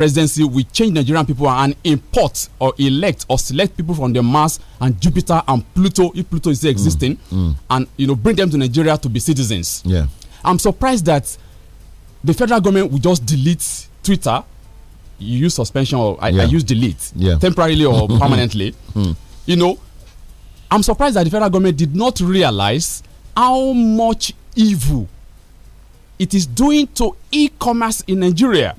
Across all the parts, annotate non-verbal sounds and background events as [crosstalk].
presidency will change Nigerian people and import or elect or select people from the Mars and Jupiter and Pluto, if Pluto is existing, mm, mm. and you know bring them to Nigeria to be citizens. Yeah, I'm surprised that the federal government will just delete Twitter. You use suspension or I, yeah. I use delete yeah. temporarily or [laughs] hmm. permanently. Mm. You know, I'm surprised that the federal government did not realize how much evil it is doing to e-commerce in Nigeria.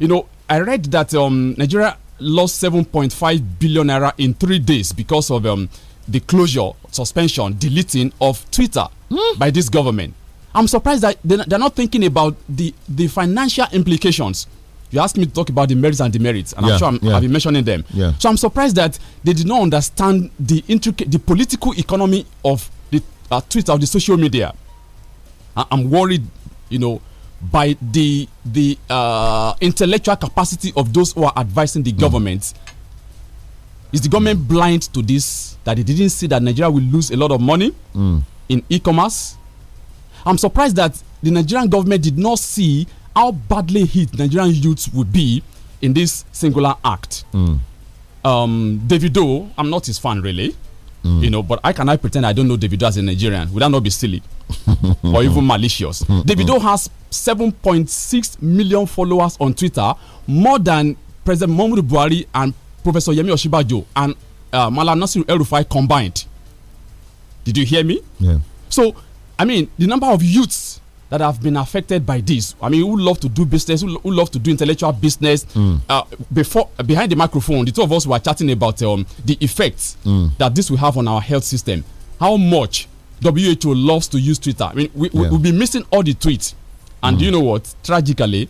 You know, I read that um, Nigeria lost 7.5 billion naira in three days because of um, the closure, suspension, deleting of Twitter mm. by this government. I'm surprised that they're not thinking about the, the financial implications. You asked me to talk about the merits and demerits, and yeah, I'm sure i have yeah. been mentioning them. Yeah. So I'm surprised that they did not understand the intricate, the political economy of the uh, Twitter, of the social media. I, I'm worried, you know, by the the uh, intellectual capacity of those who are advising the mm. government. Is the government blind to this that they didn't see that Nigeria will lose a lot of money mm. in e-commerce? I'm surprised that the Nigerian government did not see how badly hit Nigerian youths would be in this singular act. Mm. Um, Davido, I'm not his fan really. Mm. You know, but I cannot pretend I don't know Davido as a Nigerian. Would that not be silly [laughs] or even malicious? Mm. Davido has 7.6 million followers on Twitter, more than President Muhammadu Buhari and Professor Yemi Oshibajo and uh, Malam combined. Did you hear me? Yeah. So, I mean, the number of youths that have been affected by this. I mean, who love to do business, who, love to do intellectual business. Mm. Uh, before uh, behind the microphone, the two of us were chatting about um, the effects mm. that this will have on our health system. How much WHO loves to use Twitter. I mean, we, we, yeah. we'll be missing all the tweets. And mm. you hmm. know what? Tragically,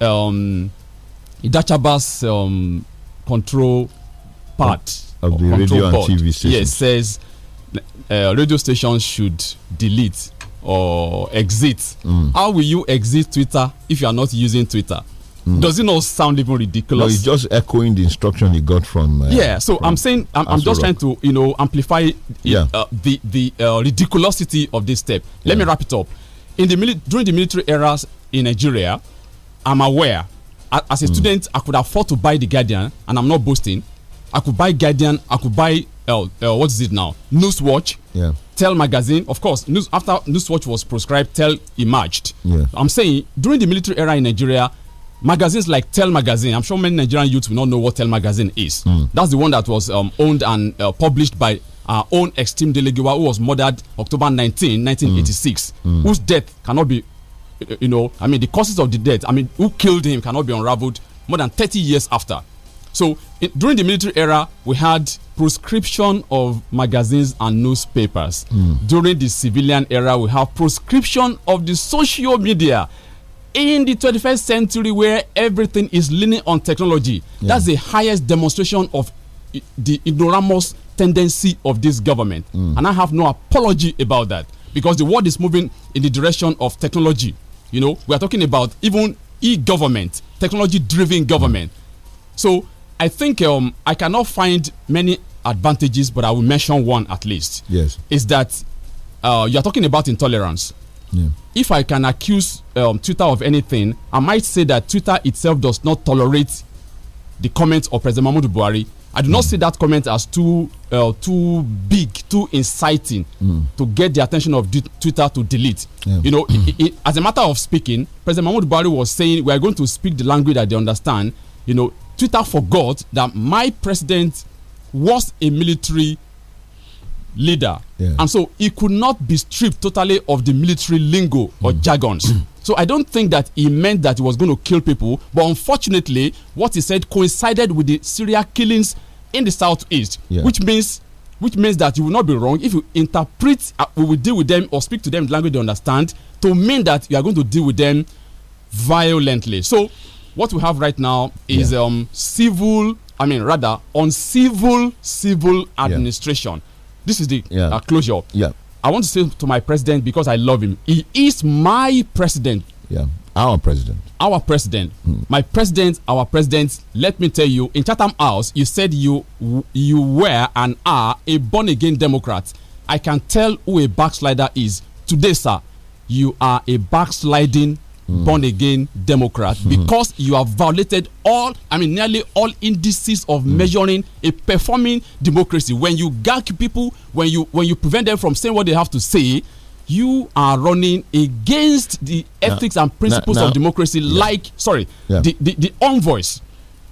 um, um, control part of the radio and TV Yes, says uh, radio stations should delete or exit. Mm. How will you exit Twitter if you are not using Twitter? Mm. Does it not sound even ridiculous? No, he's just echoing the instruction he got from. Uh, yeah, so from I'm saying I'm, I'm just trying to you know amplify yeah. uh, the the uh, ridiculousity of this step. Let yeah. me wrap it up. In the during the military eras in Nigeria, I'm aware. As a mm. student, I could afford to buy the Guardian, and I'm not boasting. I could buy Guardian, I could buy uh, what is it now? Newswatch. Yeah. Tell magazine, of course. News after Newswatch was proscribed, Tell emerged. Yeah. I'm saying during the military era in Nigeria, magazines like Tell magazine. I'm sure many Nigerian youths will not know what Tell magazine is. Mm. That's the one that was um, owned and uh, published by our own esteemed Delegiwa, who was murdered October 19, 1986, Mm. Hmm. whose death cannot be, uh, you know, I mean, the causes of the death. I mean, who killed him cannot be unravelled more than 30 years after. So during the military era, we had proscription of magazines and newspapers. Mm. During the civilian era, we have proscription of the social media. In the 21st century, where everything is leaning on technology, yeah. that's the highest demonstration of the ignoramus tendency of this government. Mm. And I have no apology about that because the world is moving in the direction of technology. You know, we are talking about even e government, technology driven government. Mm. So I think um, I cannot find many advantages, but I will mention one at least. Yes. Is that uh, you are talking about intolerance. Yeah. If I can accuse um, Twitter of anything, I might say that Twitter itself does not tolerate the comments of President Mahmoud Buhari. I do mm. not see that comment as too uh, too big, too inciting mm. to get the attention of Twitter to delete. Yeah. You know, it, it, as a matter of speaking, President Mahmoud Buhari was saying we are going to speak the language that they understand. You know, Twitter forgot that my president was a military leader. Yeah. And so he could not be stripped totally of the military lingo or mm. jargons. Mm. [clears throat] so I don't think that he meant that he was going to kill people. But unfortunately, what he said coincided with the Syria killings in the southeast, yeah. which means which means that you will not be wrong if you interpret uh, we will deal with them or speak to them in the language they understand to mean that you are going to deal with them violently. So what we have right now is yeah. um, civil, I mean, rather, uncivil civil administration. Yeah. This is the yeah. uh, closure. Yeah. I want to say to my president because I love him. He is my president. Yeah. Our president. Our president. Hmm. My president, our president. Let me tell you, in Chatham House, you said you you were and are a born again Democrat. I can tell who a backslider is. Today, sir, you are a backsliding Mm. born again Democrat mm-hmm. because you have violated all, I mean, nearly all indices of mm. measuring a performing democracy. When you gag people, when you when you prevent them from saying what they have to say, you are running against the ethics now, and principles now, now, of democracy. Yeah. Like, sorry, yeah. the, the the envoys,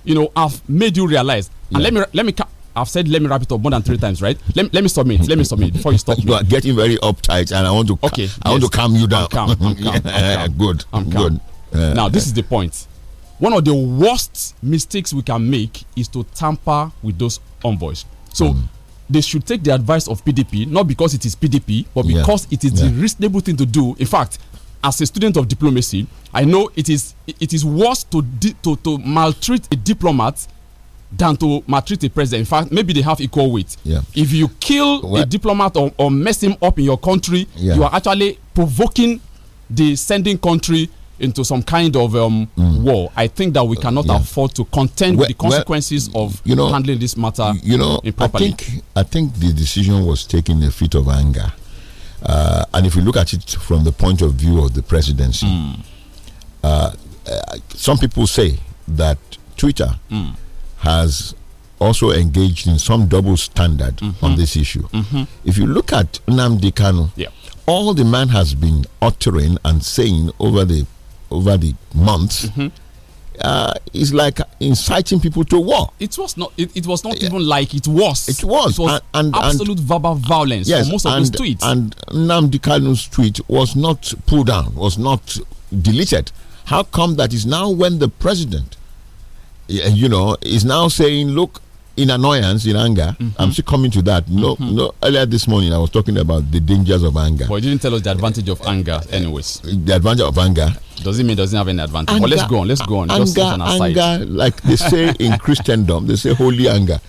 you know, have made you realize. And yeah. let me let me I've said let me wrap it up more than three times, right? Let, let me submit. Let me submit before you stop. [laughs] you are getting very uptight, and I want to. Okay, I yes. want to calm you down. I'm calm. I'm calm. I'm [laughs] calm. Good. I'm calm. Good. now this is the point. One of the worst mistakes we can make is to tamper with those envoys. So mm. they should take the advice of PDP, not because it is PDP, but because yeah. it is yeah. the reasonable thing to do. In fact, as a student of diplomacy, I know it is it is worse to to, to maltreat a diplomat than to maltreat a president. In fact, maybe they have equal weight. Yeah. If you kill well, a diplomat or, or, mess him up in your country, yeah. you are actually provoking the sending country into some kind of um, mm. war. I think that we uh, cannot uh, yeah. afford to contend well, with the consequences well, of you know, handling this matter you know, improperly. I think, I think the decision was taken in a fit of anger. Uh, and if you look at it from the point of view of the presidency, mm. uh, uh some people say that Twitter mm has also engaged in some double standard mm -hmm. on this issue. Mm -hmm. If you look at Namdi Kanu, yeah. all the man has been uttering and saying over the over the months. Mm -hmm. uh, is like inciting people to war. It was not. It, it was not even like it was. It was. It was and, and absolute and, verbal violence. Yes, most of and, his tweets. And Namdi Kanu's tweet was not pulled down. Was not deleted. How come that is now when the president you know, is now saying, look, in annoyance, in anger. Mm -hmm. I'm mm-hmm. still coming to that. No, mm -hmm. no. Earlier this morning, I was talking about the dangers of anger. But you didn't tell us the advantage of anger, anyways. Uh, the advantage of anger doesn't mean doesn't have any advantage. Anger, but let's go on. Let's go on. Anger, anger, like they say in [laughs] Christendom, they say holy anger.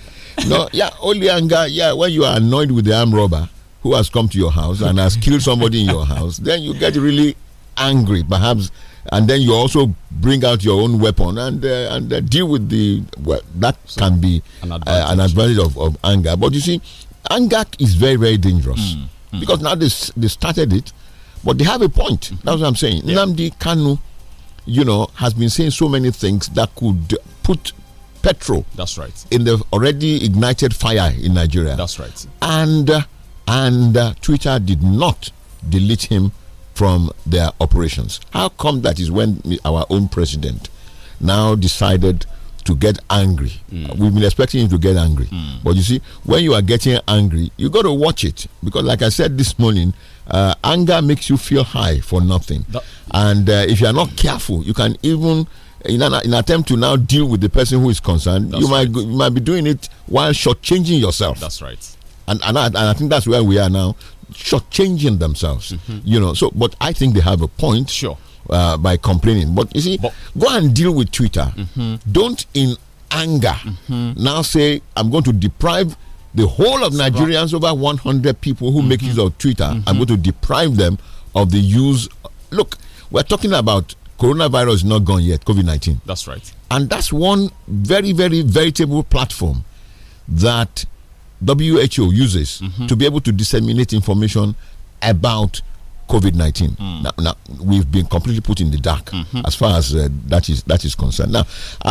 No, yeah, holy anger. Yeah, when you are annoyed with the armed robber who has come to your house and has killed somebody in your house, then you get really angry, perhaps and then you also bring out your own weapon and uh, and uh, deal with the well, that so can be an advantage, uh, an advantage of, of, anger. But you see, anger is very very dangerous mm. Mm. because now they they started it, but they have a point. Mm That's what I'm saying. Yeah. Namdi Kanu, you know, has been saying so many things that could put petrol. That's right. In the already ignited fire in Nigeria. That's right. And uh, and uh, Twitter did not delete him from their operations. How come that is when our own president now decided to get angry? Mm. We've been expecting him to get angry. Mm. But you see, when you are getting angry, you got to watch it. Because, like I said this morning, uh, anger makes you feel high for nothing. That and uh, if you are not careful, you can even in an, in attempt to now deal with the person who is concerned, that's you might right. you might be doing it while shortchanging yourself. That's right. And, and I, and, I, think that's where we are now shortchanging themselves. Mm -hmm. You know, so but I think they have a point. Sure. Uh, by complaining, but you see, but go and deal with Twitter. Mm -hmm. Don't in anger mm-hmm. now say I'm going to deprive the whole of Nigerians over 100 people who make use mm-hmm. of Twitter. I'm mm-hmm. going to deprive them of the use. Look, we're talking about coronavirus not gone yet, COVID 19. That's right. And that's one very, very veritable platform that WHO uses mm -hmm. to be able to disseminate information about COVID nineteen. Mm. Now, now, we've been completely put in the dark mm -hmm. as far as uh, that is that is concerned. Now,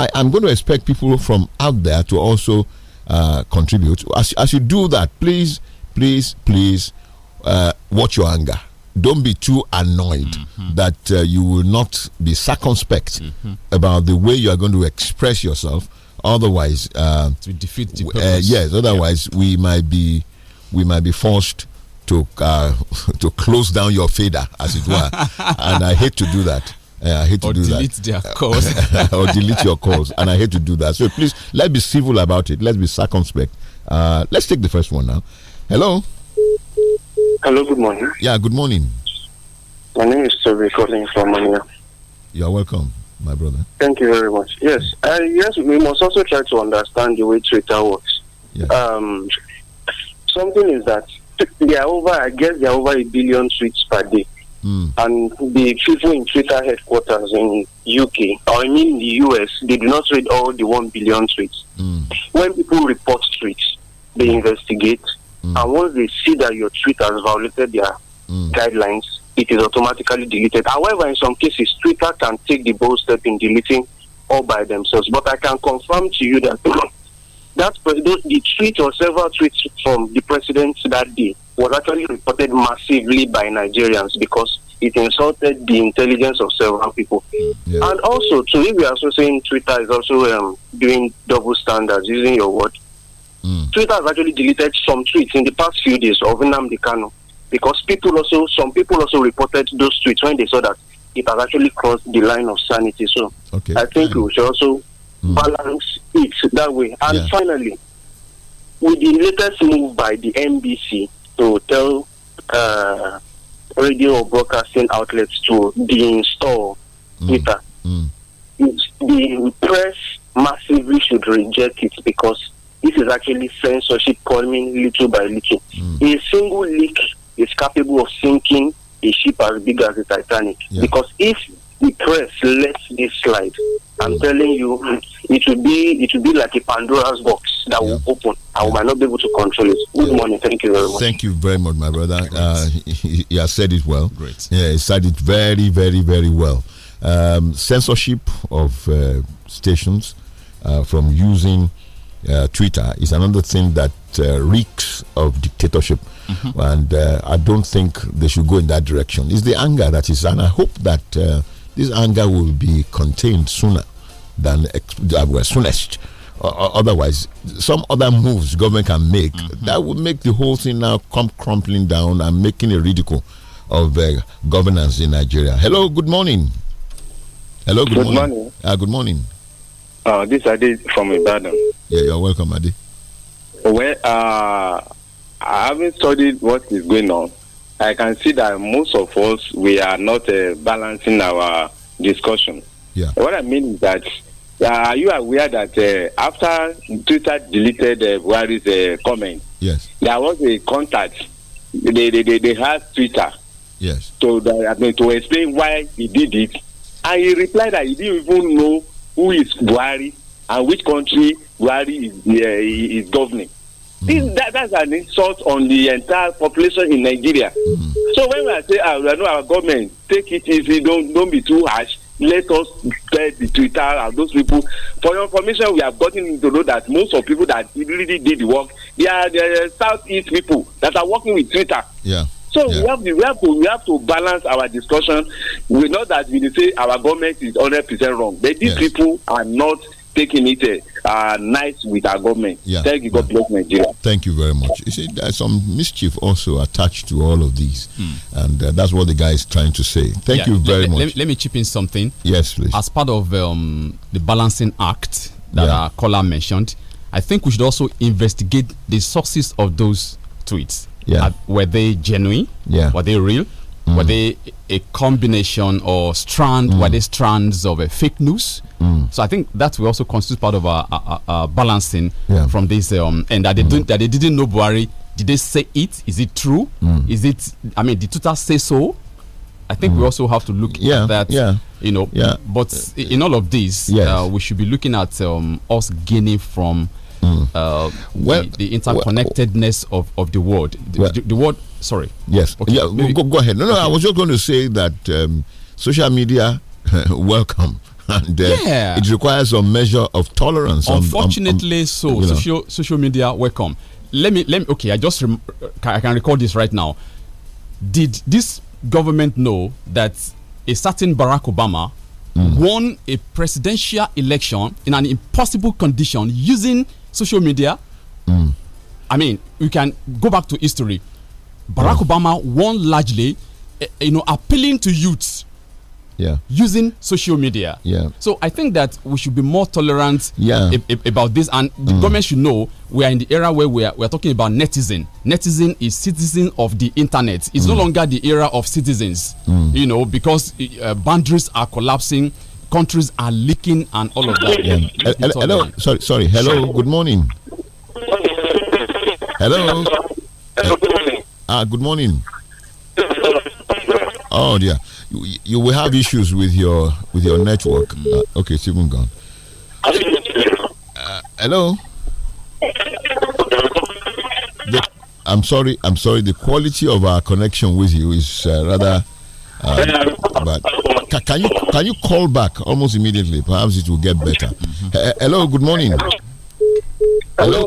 I, am going to expect people from out there to also uh, contribute. As as you do that, please, please, please, uh, watch your anger. Don't be too annoyed mm -hmm. that uh, you will not be circumspect -hmm. about the way you are going to express yourself otherwise, uh, to defeat the uh, purpose. Uh, yes, otherwise yeah. we might be we might be forced to uh, [laughs] to close down your fader, as it were. [laughs] and I hate to do that. Uh, I hate to or do delete that. Their [laughs] calls. or delete your calls. And I hate to do that. So please, let's be civil about it. Let's be circumspect. Uh, let's take the first one now. Hello. Hello. Good morning. Yeah. Good morning. My name is Toby calling from Mania. You're welcome my brother. Thank you very much. Yes, uh, yes, we must also try to understand the way Twitter works. Yeah. Um, something is that they are over, I guess, they are over a billion tweets per day. Mm. And the people in Twitter headquarters in UK, or I mean the US, they do not read all the 1 billion tweets. Mm. When people report tweets, they investigate. Mm. And once they see that your tweet has violated their hmm. guidelines, it is automatically deleted. However, in some cases, Twitter can take the bold step in deleting all by themselves. But I can confirm to you that [coughs] that the tweet or several tweets from the president that day was actually reported massively by Nigerians because it insulted the intelligence of several people. Yeah. And also, to we are also saying Twitter is also um, doing double standards, using your word, mm. Twitter has actually deleted some tweets in the past few days of Nnamdi Kano because people also some people also reported those tweets when they saw that it has actually crossed the line of sanity. So okay. I think we should also mm. balance it that way. And yeah. finally, with the latest move by the NBC to tell uh, radio broadcasting outlets to deinstall mm. Twitter, mm. the press massively should reject it because this is actually censorship coming little by little. Mm. A single leak is capable of sinking a ship as big as the Titanic. Yeah. Because if the press lets this slide, I'm yeah. telling you, it will be it will be like a Pandora's box that yeah. will open. I might not be able to control it. Good morning. Thank you very much. Thank you very much, my brother. Uh, he, he, has said it well. Great. Yeah, he said it very, very, very well. Um, censorship of uh, stations uh, from using uh, Twitter is another thing that uh, reeks of dictatorship. Mm -hmm. And uh, I don't think they should go in that direction. It's the anger that is, and I hope that uh, this anger will be contained sooner than uh, well, soonest. Otherwise, some other moves government can make mm -hmm. that would make the whole thing now come crumpling down and making a ridicule of uh, governance in Nigeria. Hello, good morning. Hello, good, good morning. morning. Ah, good morning. Uh, this is Adi from Ibadan. Yeah, you're welcome, Adi. Well, uh, I haven't studied what is going on. I can see that most of us we are not uh, balancing our discussion. Yeah. What I mean is that uh, are you aware that uh, after Twitter deleted uh, Buhari's uh, comment, yes, there was a contact. They they they, they had Twitter. Yes. To the I mean, to explain why he did it, and he replied that he didn't even know who is Buhari and which country Buhari is, uh, is governing. Mm. This, that, that's an insult on the entire population in Nigeria. Mm. So when I say, I ah, know our government, take it easy, don't, don't be too harsh, let us tell the Twitter and those people. For your information, we have gotten to know that most of people that really did the work, they are the Southeast people that are working with Twitter. Yeah. So yeah. we have to, we have to we have to balance our discussion. We know that we say our government is hundred percent wrong. But these yes. people are not taking it uh, uh nice with our government. Yeah. Thank you, God bless Nigeria. Thank you very much. You see, there's some mischief also attached to all of these, hmm. and uh, that's what the guy is trying to say. Thank you very much. Let, let, me chip in something. Yes, please. As part of um, the balancing act that uh, our caller mentioned, I think we should also investigate the sources of those tweets. Yeah. Uh, were they genuine? Yeah. Were they real? Mm. Were they a combination or strand? Mm. Were they strands of a fake news? Mm. So I think that will also constitute part of our, our, our balancing yeah. from this. Um, and that they mm. not that they didn't know Buhari. Did they say it? Is it true? Mm. Is it? I mean, did Twitter say so? I think we mm. also have to look yeah, at that. Yeah. You know. Yeah. But in all of this, yes. uh, we should be looking at um, us gaining from mm. uh, well, the, the interconnectedness well, of, of the world. The, well, the, the world, sorry. Yes. Okay, yeah, maybe, go, go, ahead. No, no, okay. I was just going to say that um, social media, [laughs] welcome. [laughs] And, uh, yeah. it requires a measure of tolerance. Unfortunately, so social, social media, welcome. Let me let me. Okay, I just I can record this right now. Did this government know that a certain Barack Obama mm. won a presidential election in an impossible condition using social media. Mm. I mean, we can go back to history. Barack mm. Obama won largely, eh, eh, you know, appealing to youths. Yeah. Using social media. Yeah. So I think that we should be more tolerant yeah. about this, and the mm. government should know we are in the era where we are, we are talking about netizen. Netizen is citizen of the internet. It's mm. no longer the era of citizens, mm. you know, because uh, boundaries are collapsing countries are leaking and all of that. Yeah. Hello, hello, sorry, sorry. Hello, good morning. Hello. good morning. ah, good morning. Oh dear, you, you, will have issues with your with your network. Uh, okay, it's even gone. Uh, hello. The, I'm sorry. I'm sorry. The quality of our connection with you is uh, rather uh, but ca can you can you call back almost immediately? Perhaps it will get better. Mm -hmm. hello, good morning. Hello,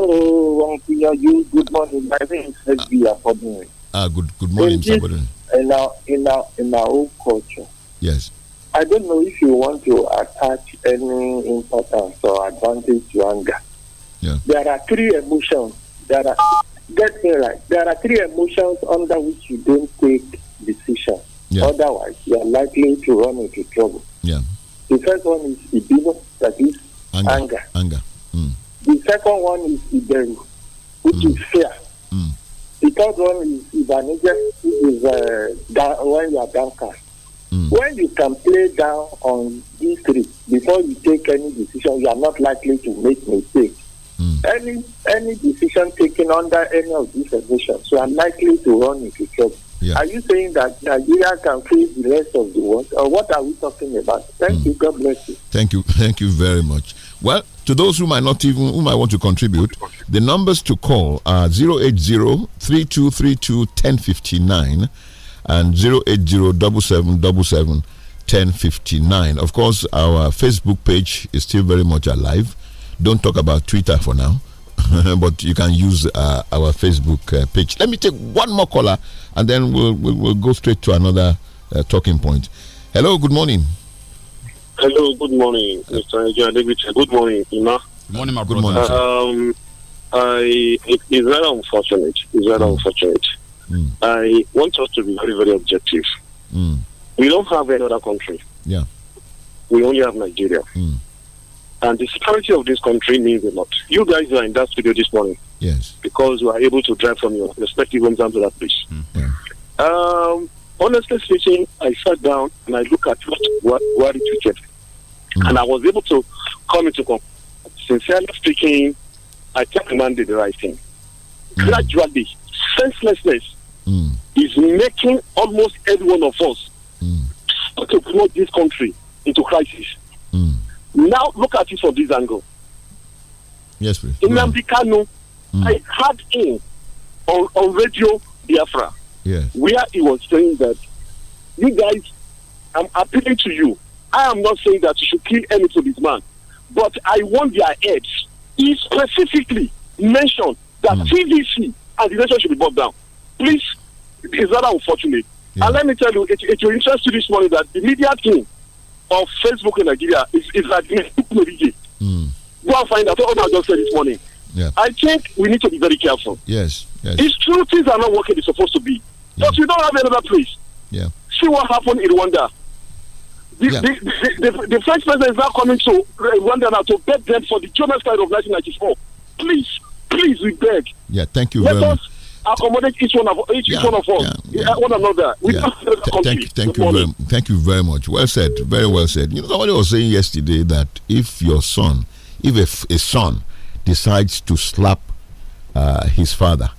You good morning. My name is Hezbi Abodun. Ah, good good morning, Mr. Abodun. In our in our in our own culture. Yes. I don't know if you want to attach any importance or advantage to anger. Yeah. There are three emotions. There are get me right. There are three emotions under which you don't take decisions. Yeah. Otherwise, you are likely to run into trouble. Yeah. The first one is ibibo, that is anger. Anger. anger. Mm. The second one is iberu, which mm. is fear. Mm. The third one is ibanije, which is uh, down, when you are downcast. Mm. When you can play down on these three before you take any decision, you are not likely to make mistakes. Mm. Any any decision taken under any of these conditions, you are likely to run into trouble. Yeah. Are you saying that Nigeria can feed the rest of the world? Or what are we talking about? Thank mm. you. God bless you. Thank you. [laughs] Thank you very much. Well, to those who might not even who might want to contribute, the numbers to call are 080-3232-1059 and 080-7777-1059. Of course, our Facebook page is still very much alive. Don't talk about Twitter for now, [laughs] but you can use uh, our Facebook uh, page. Let me take one more caller and then we'll, we'll, we'll go straight to another uh, talking point. Hello, good morning. Hello, good morning, Mr. Ajay Good morning, Ima. Good morning, my good morning. Um, I it is very unfortunate. It's very mm. unfortunate. Mm. I want us to be very, very objective. Mm. We don't have any other country. Yeah. We only have Nigeria. Hmm. And the security of this country means a lot. You guys are in that studio this morning. Yes. Because you are able to drive from your respective homes down to that place. Mm -hmm. um, honestly speaking, I sat down and I looked at what, what, what it weekend. Mm. And I was able to come into conclusion. Sincerely speaking, I think the man did the right thing. Mm. Gradually, senselessness mm. is making almost every one of us mm. to plug this country into crisis. Mm. Now look at it from this angle. Yes, please. In Kanu, mm. I had him on, on radio Biafra, yes. where he was saying that you guys, I'm appealing to you. I am not saying that you should kill any of these man, but I want their heads. He specifically mentioned that mm. TVC and the nation should be brought down. Please, is that unfortunate. Yeah. And let me tell you, it, it will interest you this morning that the media team of Facebook in Nigeria is, is that mm. Go and find out. That's what I just said this morning. Yeah. I think we need to be very careful. Yes. yes. It's true things are not working, it's supposed to be. Yeah. But we don't have another place. Yeah. See what happened in Rwanda. The, yeah. the, the, the, the, French president is now coming to uh, Rwanda now to beg them for the German side of 1994. Please, please, we beg. Yeah, thank you Let very much accommodate each one of each, yeah, one of us, yeah, yeah. one another. We yeah. thank, thank you, very, thank you very much. Well said, very well said. You know, somebody was saying yesterday that if your son, if a, a son decides to slap uh, his father,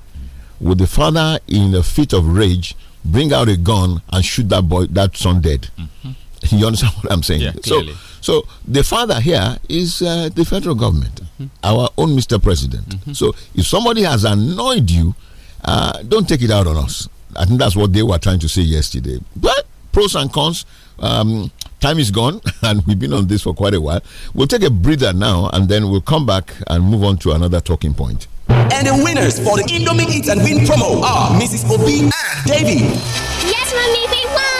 would the father, in a fit of rage, bring out a gun and shoot that boy, that son dead? Mm -hmm. You understand what I'm saying? Yeah, so, so the father here is uh, the federal government, mm -hmm. our own Mr. President. Mm -hmm. So, if somebody has annoyed you uh, don't take it out on us. I think that's what they were trying to say yesterday. But pros and cons. Um, time is gone, [laughs] and we've been on this for quite a while. We'll take a breather now, and then we'll come back and move on to another talking point. And the winners for the Indomie Eat and Win promo are Mrs. Obi and Davy. Yes, mommy, we won!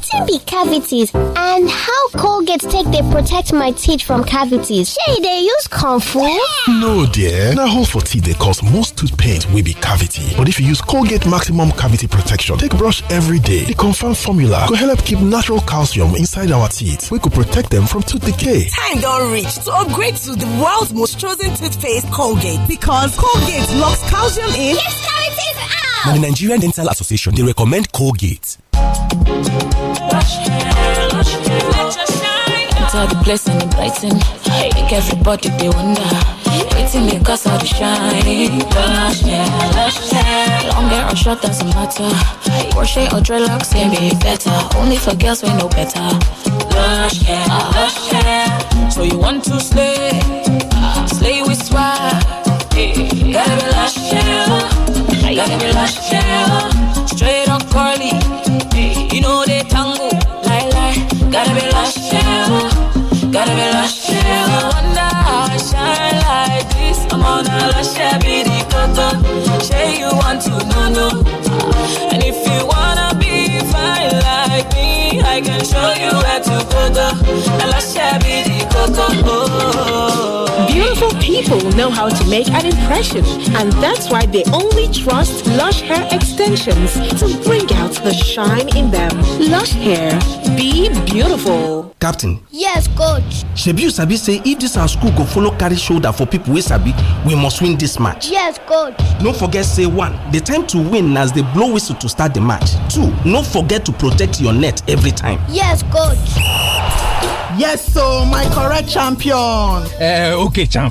cavities and how colgate take they protect my teeth from cavities shey they use use comfort? no dear Now, hole for teeth they cause most tooth pain will be cavity but if you use colgate maximum cavity protection take brush every day the confam formula go help keep natural calcium inside our teeth We could protect them from tooth decay time don't reach to upgrade to the world's most chosen toothpaste colgate because colgate locks calcium in yes cavities out! Now the nigerian dental association they recommend colgate it's all the place and it brightens. Make everybody they wonder. Waiting cause of the shine. Lush hair, lush hair. Long hair or short doesn't matter. Crochet or dreadlocks can be better. Only for girls we know better. Lush hair, lush hair. So you want to slay? Slay with swag. Gotta be lush hair. Gotta be lush hair. Straight or curly. Gotta be lush, yeah. No wonder how I shine like this. I'm on a lush, be the cotton. Say you want to know, no. And if you wanna be fine like me, I can show you where to go, go. A lush, be the cotton. Oh people know how to make an impression, and that's why they only trust Lush Hair Extensions to bring out the shine in them. Lush Hair, be beautiful. Captain. Yes, coach. Shebi, sabi say if this our school go follow carry shoulder for people we sabi, we must win this match. Yes, coach. No forget say one, the time to win as they blow whistle to start the match. Two, no forget to protect your net every time. Yes, coach. Yes, so my correct champion. Uh, okay, champ.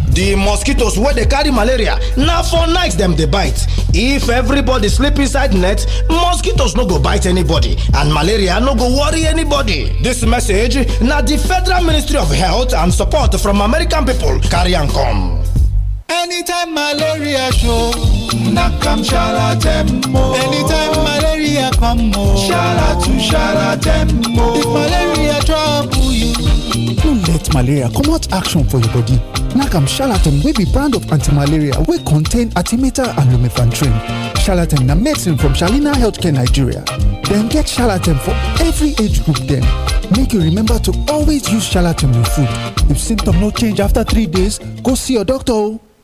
the mosquitoes wey dey carry malaria na for night dem dey bite if everybody sleep inside net mosquitoes no go bite anybody and malaria no go worry anybody dis message na di federal ministry of health and support from american pipo carry am come. anytime malaria show knack am shalatemmo oh. anytime malaria come o dem shalatemmo if malaria drop fight malaria comot action for your body. Nakam Charlatan wey be brand of anti-malaria wey contain artimata and lumefantrine. Charlatan na medicine from Shalina Healthcare Nigeria. Dem get Charlatan for every age group dem. Make you remember to always use Charlatan with food. If symptoms no change after three days, go see your doctor o.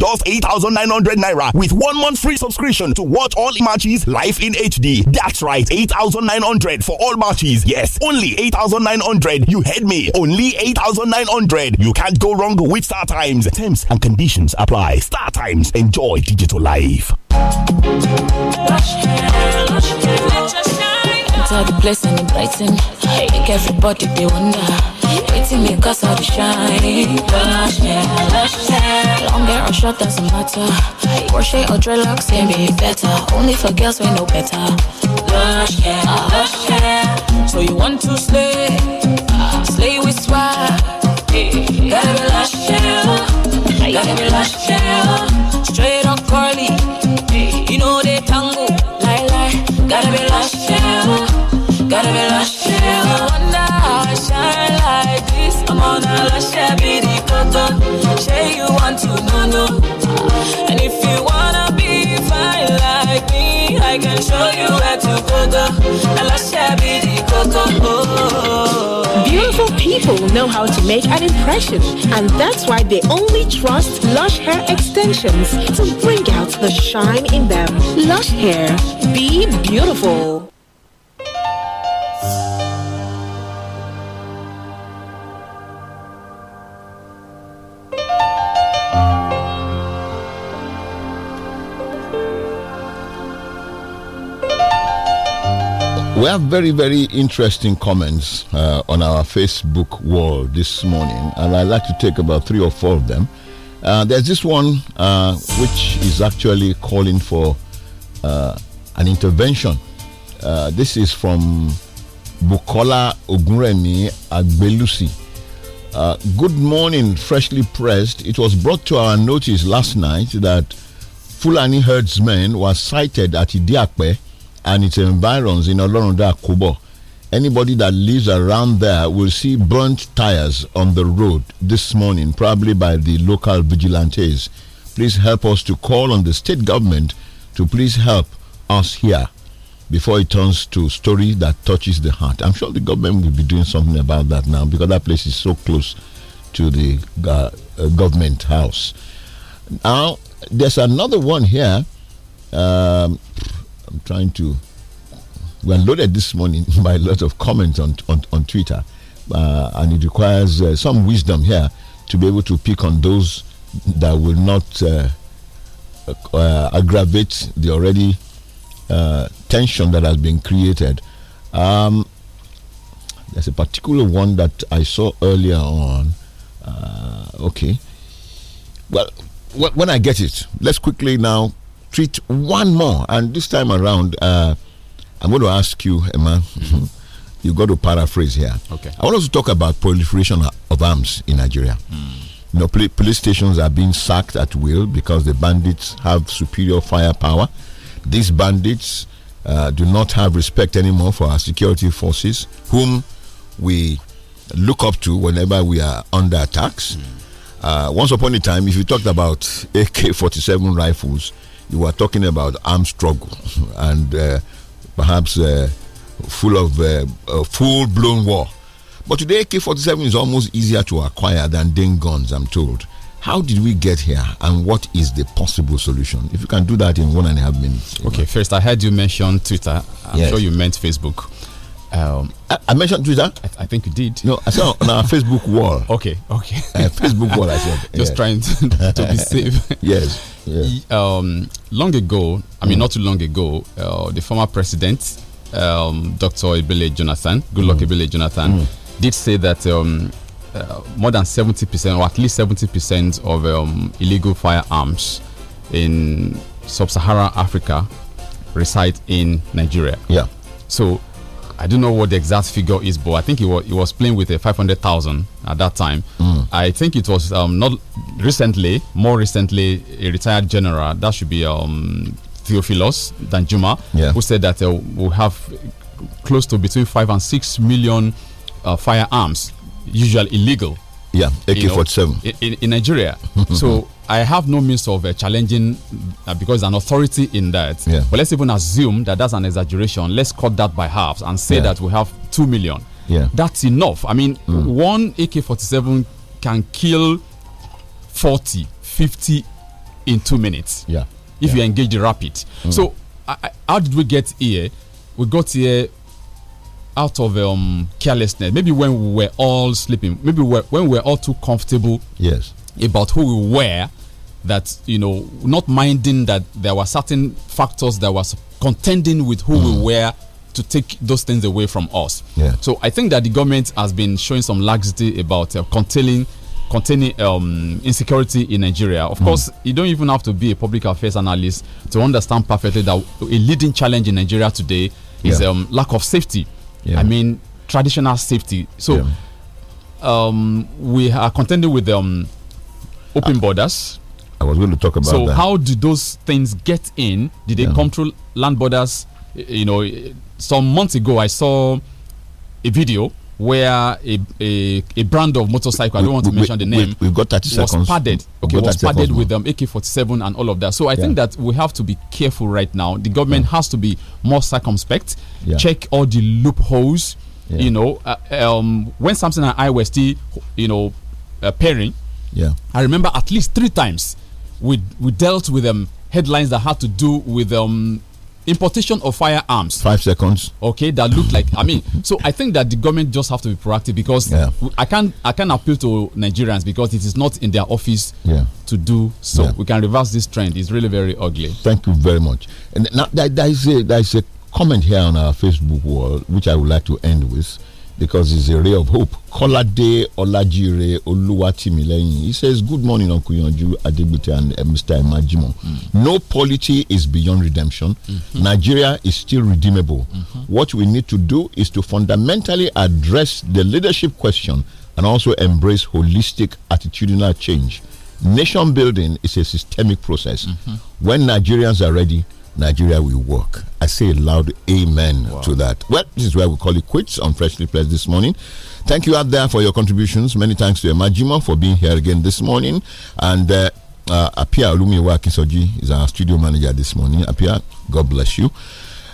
just 8,900 naira with one month free subscription to watch all matches live in HD. That's right, 8,900 for all matches. Yes, only 8,900. You heard me. Only 8,900. You can't go wrong with Star Times. Terms and conditions apply. Star Times. Enjoy digital life. It's all the blessing and Make everybody wonder. Hating me cause all the shine Lush yeah, lush yeah Long hair or short doesn't matter Crochet or dreadlocks can be better Only for girls we know better Lush yeah, lush yeah So you want to slay ah, Slay with swag Gotta be lush hair Gotta be lush Straight or curly You know they tango Lie, lie Gotta be lush yeah Gotta be lush yeah i Say you want to know, no. And if you wanna be fine like me, I can show you where to go, go. Oh. Beautiful people know how to make an impression, and that's why they only trust Lush Hair Extensions to bring out the shine in them. Lush Hair, be beautiful. We have very, very interesting comments uh, on our Facebook wall this morning, and I'd like to take about three or four of them. Uh, there's this one uh, which is actually calling for uh, an intervention. Uh, this is from Bukola Ogunremi Agbelusi. Uh, good morning, freshly pressed. It was brought to our notice last night that Fulani herdsmen were sighted at Idiakwe and its environs in Olorunda Kubo. Anybody that lives around there will see burnt tires on the road this morning, probably by the local vigilantes. Please help us to call on the state government to please help us here before it turns to story that touches the heart. I'm sure the government will be doing something about that now because that place is so close to the uh, uh government house. Now, there's another one here. Um, I'm trying to. We're loaded this morning [laughs] by a lot of comments on on, on Twitter, uh, and it requires uh, some wisdom here to be able to pick on those that will not uh, uh aggravate the already uh, tension that has been created. Um, there's a particular one that I saw earlier on. Uh, okay, well, when I get it, let's quickly now treat one more. And this time around, uh, I'm going to ask you, Emma. Mm-hmm. [laughs] You got to paraphrase here. Okay. I want us to talk about proliferation of arms in Nigeria. Mm. You know, police stations are being sacked at will because the bandits have superior firepower. These bandits uh, do not have respect anymore for our security forces, whom we look up to whenever we are under attacks. Mm. Uh, once upon a time, if you talked about AK 47 rifles, you were talking about armed struggle [laughs] and uh, perhaps uh, full of uh, full-blown war. But today, AK-47 is almost easier to acquire than Dane guns, I'm told. How did we get here, and what is the possible solution? If you can do that in one and a half minutes. Okay, know. first I heard you mention Twitter. I'm yes. sure you meant Facebook. Um, I, I, mentioned Twitter. I, th I, think you did. No, I saw on our Facebook wall. Okay, okay. Uh, Facebook wall, I said. [laughs] Just trying to, to, be [laughs] safe. yes. Um, long ago, I mean, mm. not too long ago, uh, the former president, um, Dr. Ibele Jonathan, good luck mm. Ibele Jonathan, mm. did say that um, uh, more than 70% or at least 70% of um, illegal firearms in sub-Saharan Africa reside in Nigeria. Yeah. So I don't know what the exact figure is, but I think he was, he was playing with a 500,000 at that time. Mm. I think it was um, not recently, more recently, a retired general, that should be um, Theophilus Danjuma, yeah. who said that uh, we'll have close to between 5 and 6 million uh, firearms, usually illegal, yeah, AK-47. You know, in, in, Nigeria. [laughs] so I have no means of uh, challenging uh, because an authority in that. Yeah. But let's even assume that that's an exaggeration. Let's cut that by halves and say yeah. that we have 2 million. Yeah. That's enough. I mean, mm. one AK-47 can kill 40, 50 in 2 minutes. Yeah. If yeah. you engage the rapid. Mm. So I, how did we get here? We got here out of um, carelessness. Maybe when we were all sleeping, maybe we're, when we were all too comfortable. Yes. About who we were, that you know, not minding that there were certain factors that was contending with who mm. we were to take those things away from us. Yeah. So I think that the government has been showing some laxity about uh, containing containing um, insecurity in Nigeria. Of mm. course, you don't even have to be a public affairs analyst to understand perfectly that a leading challenge in Nigeria today is yeah. um, lack of safety. Yeah. I mean, traditional safety. So yeah. um, we are contending with um, open I, ah. borders. I was going to talk about so that. how do those things get in? Did they yeah. come through land borders? You know, some months ago I saw a video where a, a, a, brand of motorcycle, we, I don't want to we, mention the name, we, have got 30 was padded. Okay, was padded with them um, AK 47 and all of that. So I yeah. think that we have to be careful right now. The government yeah. has to be more circumspect, yeah. check all the loopholes. You know, uh, um, when Samson and I were still, you know, uh, pairing, yeah, I remember at least three times we we dealt with them um, headlines that had to do with um, importation of firearms. Five seconds. Okay, that look like. I mean, so I think that the government just have to be proactive because yeah. I can't I can't appeal to Nigerians because it is not in their office yeah. to do so. Yeah. We can reverse this trend. It's really very ugly. Thank you very much. And now there is a there is a comment here on our Facebook wall which I would like to end with because it's a ray of hope. Kolade Olajire Oluwatimileyin. He says, Good morning, Uncle Yonju, and uh, Mr. Imajimo. Mm. Mm-hmm. No polity is beyond redemption. Mm -hmm. Nigeria is still redeemable. Mm -hmm. What we need to do is to fundamentally address the leadership question and also embrace holistic attitudinal change. Nation building is a systemic process. -hmm. When Nigerians are ready, Nigeria will work. I say a loud amen wow. to that. Well, this is where we call it quits on Freshly Pressed this morning. Thank you out there for your contributions. Many thanks to Emajima for being here again this morning. And uh, uh, Apia Alumiwa Kisoji is our studio manager this morning. Apia, God bless you.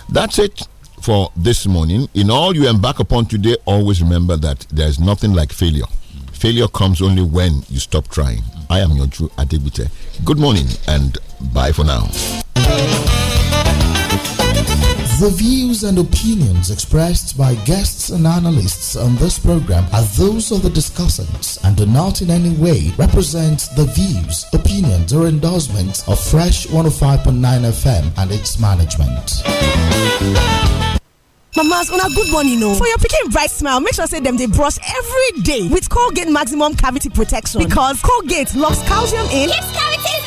That's it for this morning. In all you embark upon today, always remember that there is nothing like failure. Failure comes only when you stop trying. I am your Drew Adebite. Good morning and bye for now. The views and opinions expressed by guests and analysts on this program are those of the discussants and do not in any way represent the views, opinions, or endorsements of Fresh 105.9 FM and its management. Mamas, on a good one, you know. For your picking bright smile, make sure say them they brush every day with Colgate Maximum Cavity Protection because Colgate locks calcium in. Keeps cavities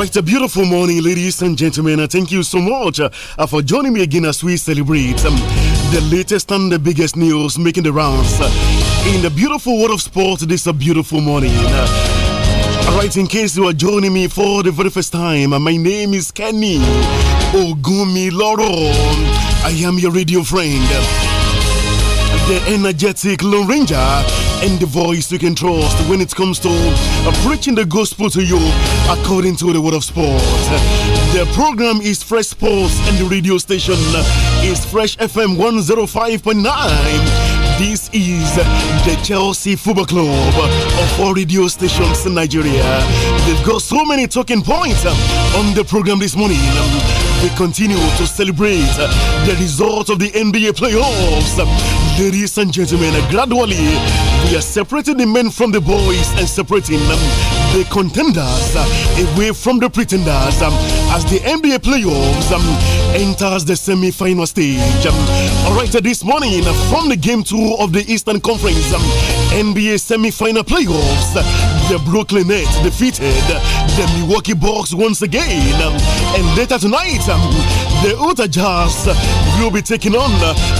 right, a beautiful morning, ladies and gentlemen. Uh, thank you so much uh, uh, for joining me again as we celebrate um, the latest and the biggest news making the rounds uh, in the beautiful world of sports. this a uh, beautiful morning. Uh, right, in case you are joining me for the very first time, my name is Kenny Ogumiloro. I am your radio friend, the energetic Lone Ranger and the voice you can trust when it comes to preaching the gospel to you according to the word of sport. The program is Fresh Sports and the radio station is Fresh FM 105.9. This is the Chelsea Football Club of all radio stations in Nigeria. They've got so many talking points on the program this morning. We continue to celebrate the result of the NBA playoffs. Ladies and gentlemen, gradually we are separating the men from the boys and separating um, the contenders uh, away from the pretenders um, as the NBA playoffs um, enters the semi-final stage. Um. all right, uh, this morning uh, from the game two of the Eastern Conference um, NBA semi-final playoffs. Uh, the Brooklyn Nets defeated the Milwaukee Bucks once again. And later tonight, um, the Utah Jazz will be taking on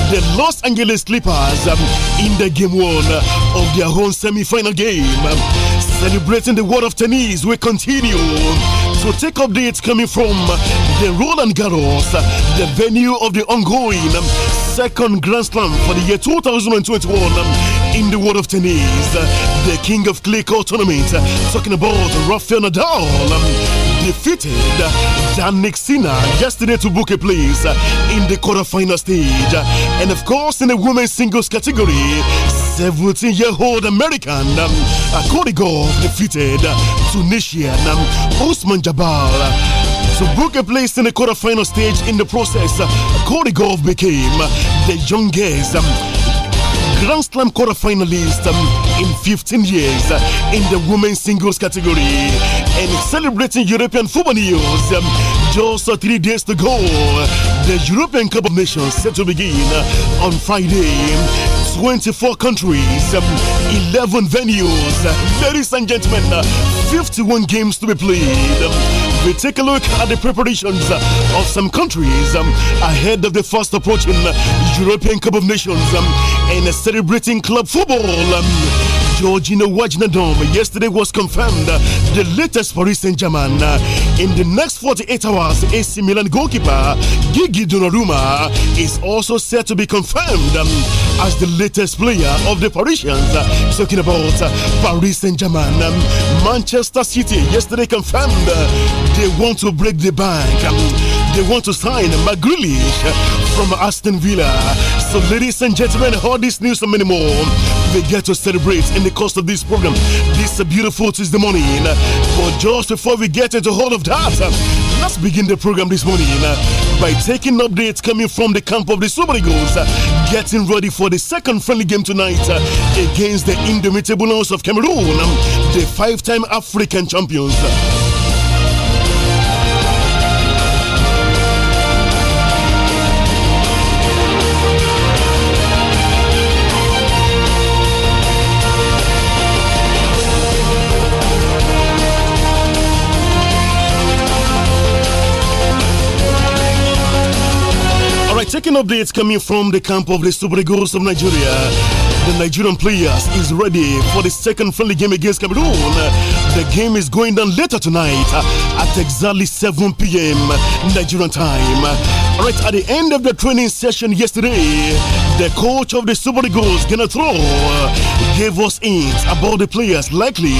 the Los Angeles Clippers um, in the game one of their own semi-final game. Celebrating the world of tennis, we continue So, take updates coming from the Roland Garros, the venue of the ongoing um, second Grand Slam for the year 2021 in the world of tennis the king of clay court tournament. Talking about Rafael Nadal um, defeated Danik Sina yesterday to book a place in the quarterfinal stage. And of course, in the women's singles category, 17 year old American um, Cody defeated Tunisian um, Osman Jabal uh, to book a place in the quarterfinal stage in the process. Cody Golf became the youngest um, Grand Slam quarterfinalist um, in 15 years in the women's singles category and celebrating European football news. Um, just uh, three days to go. The European Cup of Nations set to begin uh, on Friday. 24 countries, um, 11 venues. Ladies and gentlemen, uh, 51 games to be played. Um, we take a look at the preparations of some countries um, ahead of the fast approaching European Cup of Nations um, and celebrating club football. Um, Georgina Wajnadom yesterday was confirmed uh, the latest Paris Saint Germain. Uh, in the next 48 hours, AC Milan goalkeeper Gigi Donnarumma is also set to be confirmed um, as the latest player of the Parisians. Uh, talking about Paris Saint Germain, um, Manchester City yesterday confirmed they want to break the bank. Um, they want to sign Magrulish from Aston Villa. So, ladies and gentlemen, all this news and many more, they get to celebrate in the course of this program. This is a beautiful Tuesday morning. But just before we get into all of that, Let's begin the program this morning by taking updates coming from the camp of the Super Eagles, getting ready for the second friendly game tonight against the indomitable hosts of Cameroon, the five time African champions. Second update coming from the camp of the Super Eagles of Nigeria. The Nigerian players is ready for the second friendly game against Cameroon. The game is going down later tonight at exactly 7 p.m. Nigerian time. Right at the end of the training session yesterday, the coach of the Super Eagles, Kenneth gave us hints about the players likely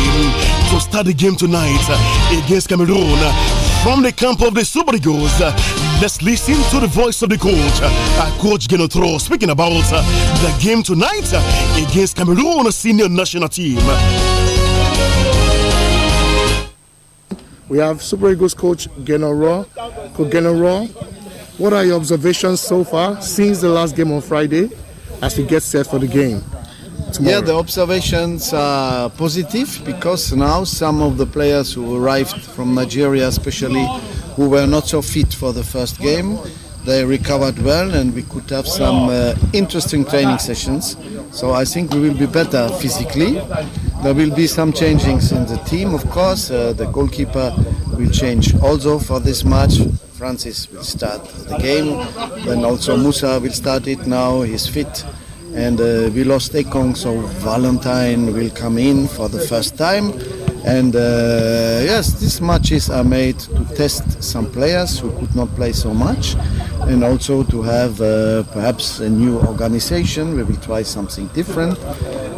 to start the game tonight against Cameroon from the camp of the Super Eagles, let's listen to the voice of the coach, uh, Coach Genotro, speaking about uh, the game tonight uh, against Cameroon senior national team. We have Super Eagles coach Genoro. Coach Genoro, what are your observations so far since the last game on Friday as we get set for the game? Tomorrow. Yeah, the observations are positive because now some of the players who arrived from Nigeria, especially who were not so fit for the first game, they recovered well and we could have some uh, interesting training sessions. So I think we will be better physically. There will be some changings in the team, of course. Uh, the goalkeeper will change also for this match. Francis will start the game, then also Musa will start it now. He's fit and uh, lost Ekong, so Valentine will come in for the first time. And uh, yes, these matches are uh, made to test some players who could not play so much and also to have uh, perhaps a new organization. We will try something different,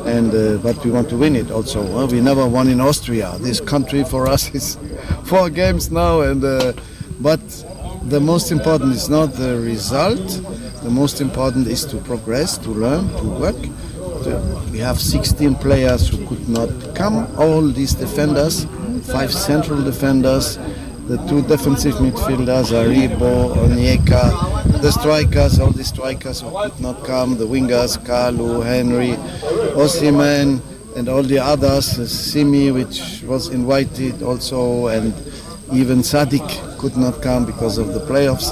and uh, but we want to win it also. Well, we never won in Austria. This country for us is [laughs] four games now, and uh, but the most important is not the result the most important is to progress, to learn, to work. We have 16 players who could not come. All these defenders, five central defenders, the two defensive midfielders, Aribo, Onyeka, the strikers, all the strikers who could not come, the wingers, Kalu, Henry, Osiman, and all the others, Simi, which was invited also, and even Sadik could not come because of the playoffs.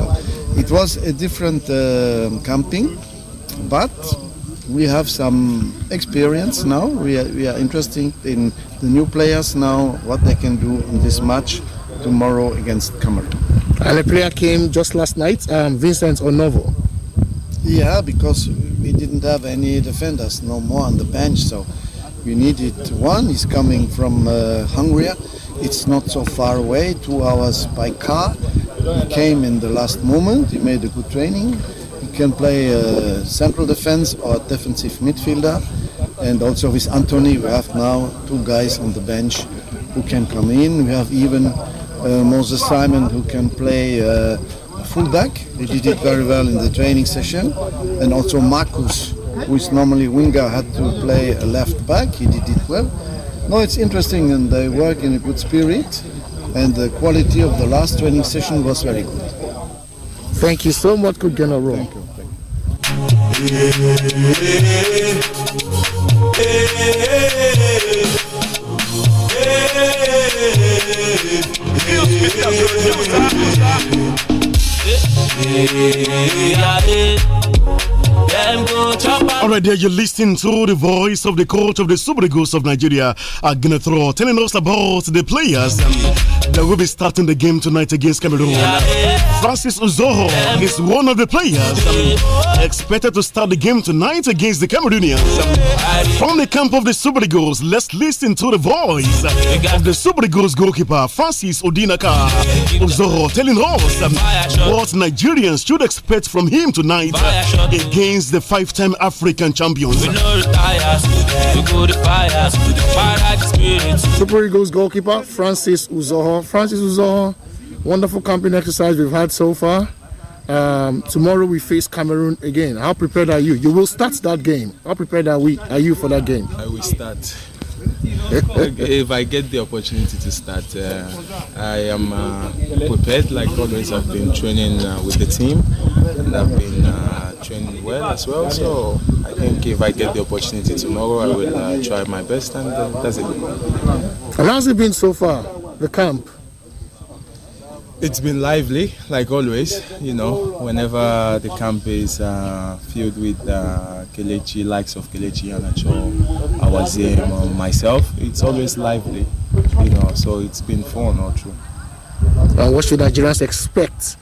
It was a different uh, camping, but we have some experience now. We are, we are interested in the new players now, what they can do in this match tomorrow against Cameroon. And a player came just last night, um, Vincent Onovo. Yeah, because we didn't have any defenders no more on the bench, so we needed one. He's coming from uh, Hungary it's not so far away, two hours by car. He came in the last moment, he made a good training. He can play uh, central defense or defensive midfielder. And also with Anthony, we have now two guys on the bench who can come in. We have even uh, Moses Simon who can play uh, fullback. He did it very well in the training session. And also Marcus, who is normally winger, had to play a left back. He did it well. No, it's interesting and they work in a good spirit and the quality of the last training session was very good. Thank you so much, good general. Thank you. Thank you. Alright, there you're listening to the voice of the coach of the Super Eagles of Nigeria, Agnethro, telling us about the players. Um, that will be starting the game tonight against Cameroon. Francis Uzoho is one of the players um, expected to start the game tonight against the Cameroonians. From the camp of the Super Eagles, let's listen to the voice of the Super Eagles goalkeeper Francis Odinaka Uzoho telling us what Nigerians should expect from him tonight against the five-time African champions. Super Eagles goalkeeper Francis Uzoho Francis Francis all wonderful camping exercise we've had so far. Um, tomorrow we face Cameroon again. How prepared are you? You will start that game. How prepared are we? Are you for that game? I will start if I get the opportunity to start, uh, I am uh, prepared. Like always, I've been training uh, with the team, and I've been uh, training well as well. So I think if I get the opportunity tomorrow, I will uh, try my best, and uh, that's it. And how's it been so far? The camp. It's been lively, like always. You know, whenever the camp is uh, filled with uh, Kelechi, likes of Kelechi, Anacho, Awazim, or myself, it's always lively. You know, so it's been fun all through. Uh, what should Nigerians expect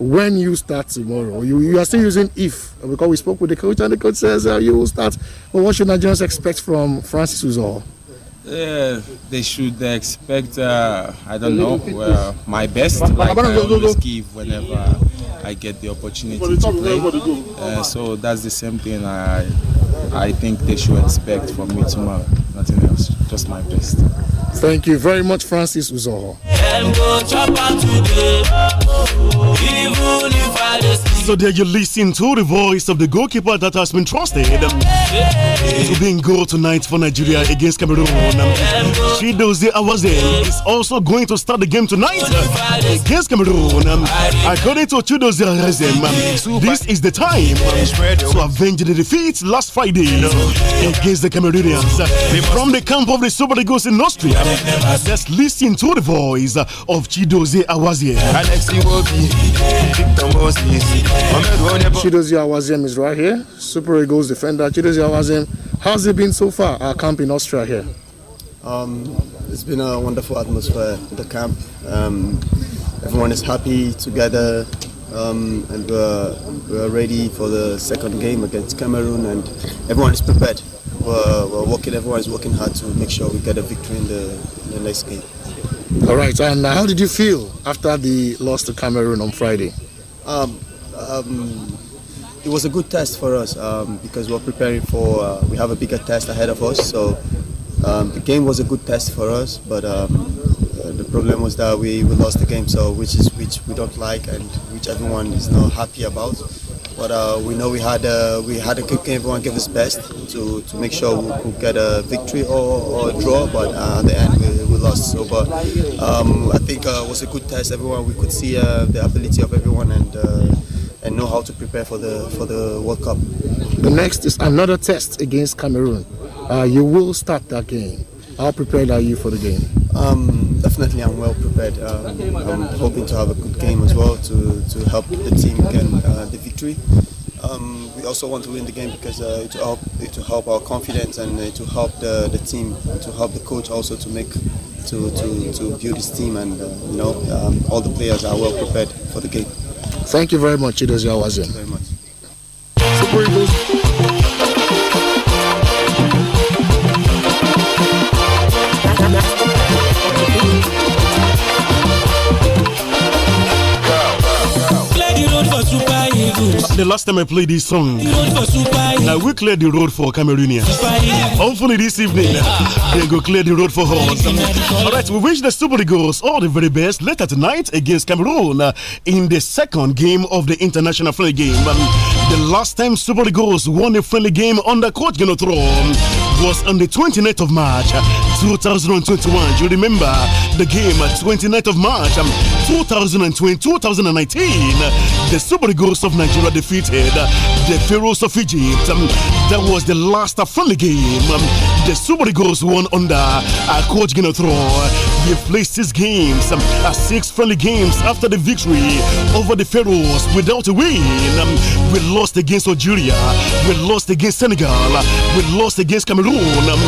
when you start tomorrow? You, you are still using if, uh, because we spoke with the coach and the coach says uh, you will start. But what should Nigerians expect from Francis Uzor? Uh, they should expect, uh, I don't know, uh, my best, like I always give whenever I get the opportunity to play. Uh, so that's the same thing I, I think they should expect from me tomorrow. Nothing else, just my best. Thank you very much, Francis Uzoho. So there you listen to the voice of the goalkeeper that has been trusted to be in goal tonight for Nigeria against Cameroon. Chidozie Awaze is also going to start the game tonight against Cameroon. According to Chidozie Awaze, this is the time to avenge the defeat last Friday against the Cameroonians from the camp of the Super Eagles in Austria. Let's listen to the voice of Chidozie Awaze. Chidozie Awazim is right here, Super Eagles defender. Chidozie Awazim, how's it been so far, our camp in Austria here? Um, it's been a wonderful atmosphere at the camp. Um, everyone is happy together um, and we're, we're, ready for the second game against Cameroon and everyone is prepared. We're, we're working, everyone is working hard to make sure we get a victory in the, in the next game. All right, and how did you feel after the loss to Cameroon on Friday? Um, um, it was a good test for us um, because we're preparing for uh, we have a bigger test ahead of us. So um, the game was a good test for us, but um, uh, the problem was that we, we lost the game. So which is which we don't like and which everyone is not happy about. But uh, we know we had a, uh, we had a good game. Everyone gave his best to, to make sure we could get a victory or, or a draw. But uh, at the end, we, we lost. So, but um, I think uh, it was a good test. Everyone, we could see uh, the ability of everyone and and know how to prepare for the for the World Cup. The next is another test against Cameroon. Uh, you will start that game. How prepared are you for the game? Um, definitely, I'm well prepared. Um, I'm hoping to have a good game as well to, to help the team get uh, the victory. Um, we also want to win the game because uh, it will help it will help our confidence and it will help the, the team to help the coach also to make to to, to build his team and uh, you know um, all the players are well prepared for the game. Thank you very much, Idris Awazim. Thank you very much. The last time I played this song, now we clear the road for Cameroonians. Hopefully this evening, they go clear the road for us. All right, we wish the Super Eagles all the very best later tonight against Cameroon uh, in the second game of the international friendly game. Um, the last time Super Eagles won a friendly game under Coach Genotro was on the 29th of March uh, 2021. You remember the game 29th uh, of March um, 2020, 2019. The Super Eagles of Nigeria Nigeria defeated the Pharaohs of Egypt. Um, that was the last friendly game. Um, the Super Eagles won under uh, Coach Genethro. We have played six games, um, uh, six friendly games after the victory over the Pharaohs without a win. Um, we lost against Algeria. We lost against Senegal. We lost against Cameroon. Um,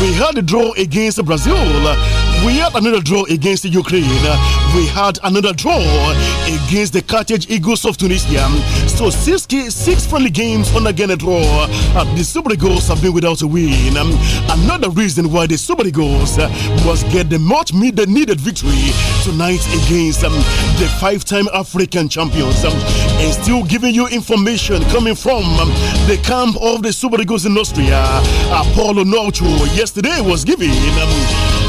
we had a draw against Brazil. We had another draw against Ukraine. We had another draw against the Carthage Eagles of Tunisia. So six, six friendly games on again a draw. Uh, the Super Eagles have been without a win. Um, another reason why the Super Eagles uh, must get the much needed, needed victory tonight against um, the five-time African champions. Um, and still giving you information coming from um, the camp of the Super Eagles in Austria. Uh, Apollo Nocho yesterday was giving. Um,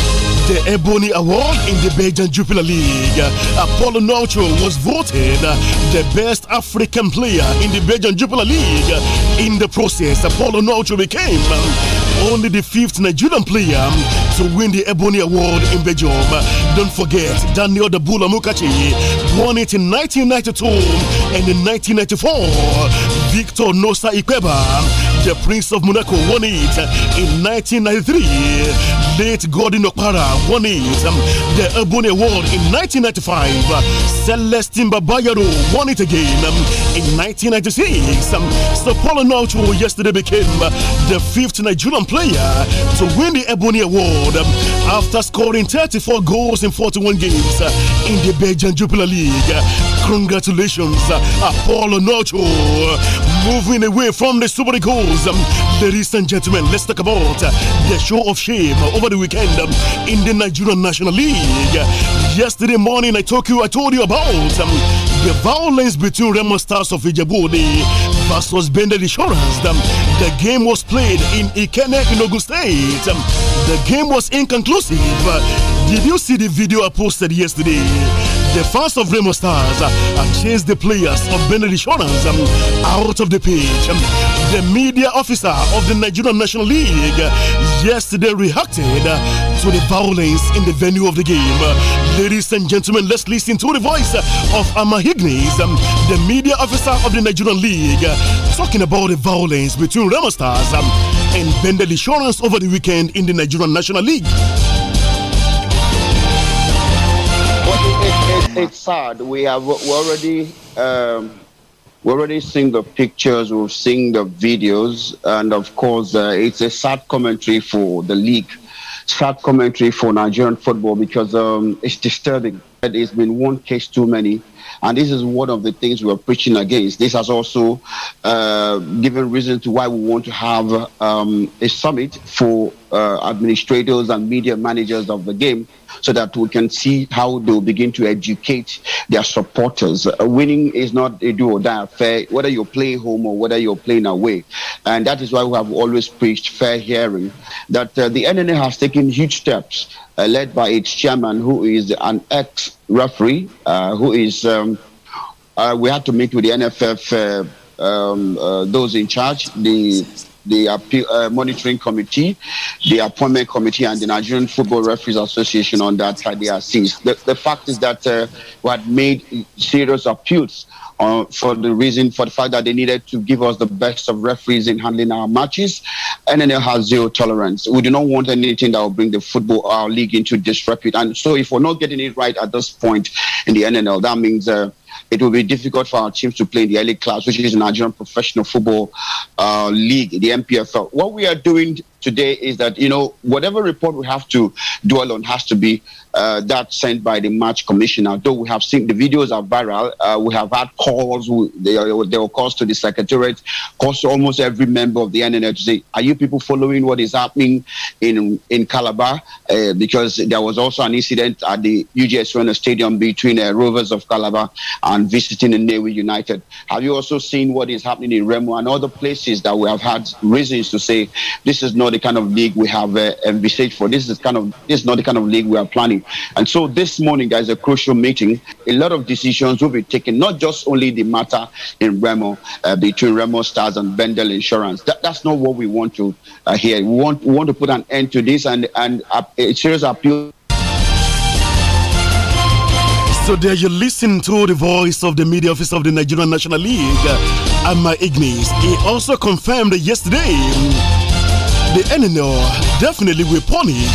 the Ebony Award in the Belgian Jupiler League. Apollo Nautro was voted the best African player in the Belgian Jupiler League. In the process, Apollo Nautro became only the fifth Nigerian player to win the Ebony Award in Belgium. Don't forget, Daniel Dabula Mukachi won it in 1992 and in 1994. Victor Nosa Ikeba the Prince of Monaco won it in 1993. Late Gordon Okpara won it. Um, the Ebony Award in 1995. Celestine Babayaro won it again um, in 1996. Um, so Paulo yesterday became uh, the fifth Nigerian player to win the Ebony Award after scoring 34 goals in 41 games uh, in the Belgian Jupiler League. Congratulations, uh, Paulo Naucho. Moving away from the Super Goal. Ladies and gentlemen, let's talk about the show of shame over the weekend in the Nigerian National League. Yesterday morning, I told you, I told you about um, the violence between Remo Stars of Ijebode versus Bended Insurance. Um, the game was played in Ikene in Ogun State. Um, the game was inconclusive. Uh, did you see the video I posted yesterday? The fans of Remo Stars uh, chased the players of Bended Insurance um, out of the pitch. Um, the media officer of the Nigerian National League, yesterday reacted to the violence in the venue of the game. Ladies and gentlemen, let's listen to the voice of Ama Hignes, um, the media officer of the Nigerian League, talking about the violence between Remo Stars um, and Bender Insurance over the weekend in the Nigerian National League. it's sad. We have already. Um, we are already seeing the pictures, we are seeing the videos, and of course, uh, it's a sad commentary for the league, sad commentary for Nigerian football because um, it's disturbing. It's been one case too many, and this is one of the things we're preaching against. This has also uh, given reason to why we want to have um, a summit for uh, administrators and media managers of the game so that we can see how they'll begin to educate their supporters. Uh, winning is not a do or die affair, whether you play home or whether you're playing away. And that is why we have always preached fair hearing, that uh, the NNA has taken huge steps, uh, led by its chairman, who is an ex referee, uh, who is, um, uh, we had to meet with the NFF. Uh, um, those in charge, the the uh, monitoring committee, the appointment committee, and the Nigerian Football Referees Association on that side they are The, the fact is that uh, we had made serious appeals uh, for the reason for the fact that they needed to give us the best of referees in handling our matches. NNL has zero tolerance. We do not want anything that will bring the football our league into disrepute. And so, if we're not getting it right at this point in the NNL, that means. Uh, it will be difficult for our teams to play in the elite class, which is Nigerian Professional Football uh, League, the MPFL. What we are doing today is that, you know, whatever report we have to dwell on has to be uh, that sent by the match commissioner. Though we have seen the videos are viral, uh, we have had calls. they, they were calls to the secretariat, calls to almost every member of the NNH. Say, are you people following what is happening in in Calabar? Uh, because there was also an incident at the UGS Runner Stadium between uh, Rovers of Calabar and visiting the Navy United. Have you also seen what is happening in Remo and other places that we have had reasons to say this is not the kind of league we have uh, envisaged for. This is kind of this is not the kind of league we are planning. And so this morning, guys, a crucial meeting. A lot of decisions will be taken, not just only the matter in Remo uh, between Remo Stars and Vendel Insurance. That, that's not what we want to uh, hear. We want, we want to put an end to this and, and uh, a serious appeal. So there you listen to the voice of the media officer of the Nigerian National League, Amma Ignis. He also confirmed yesterday the NNL definitely will punish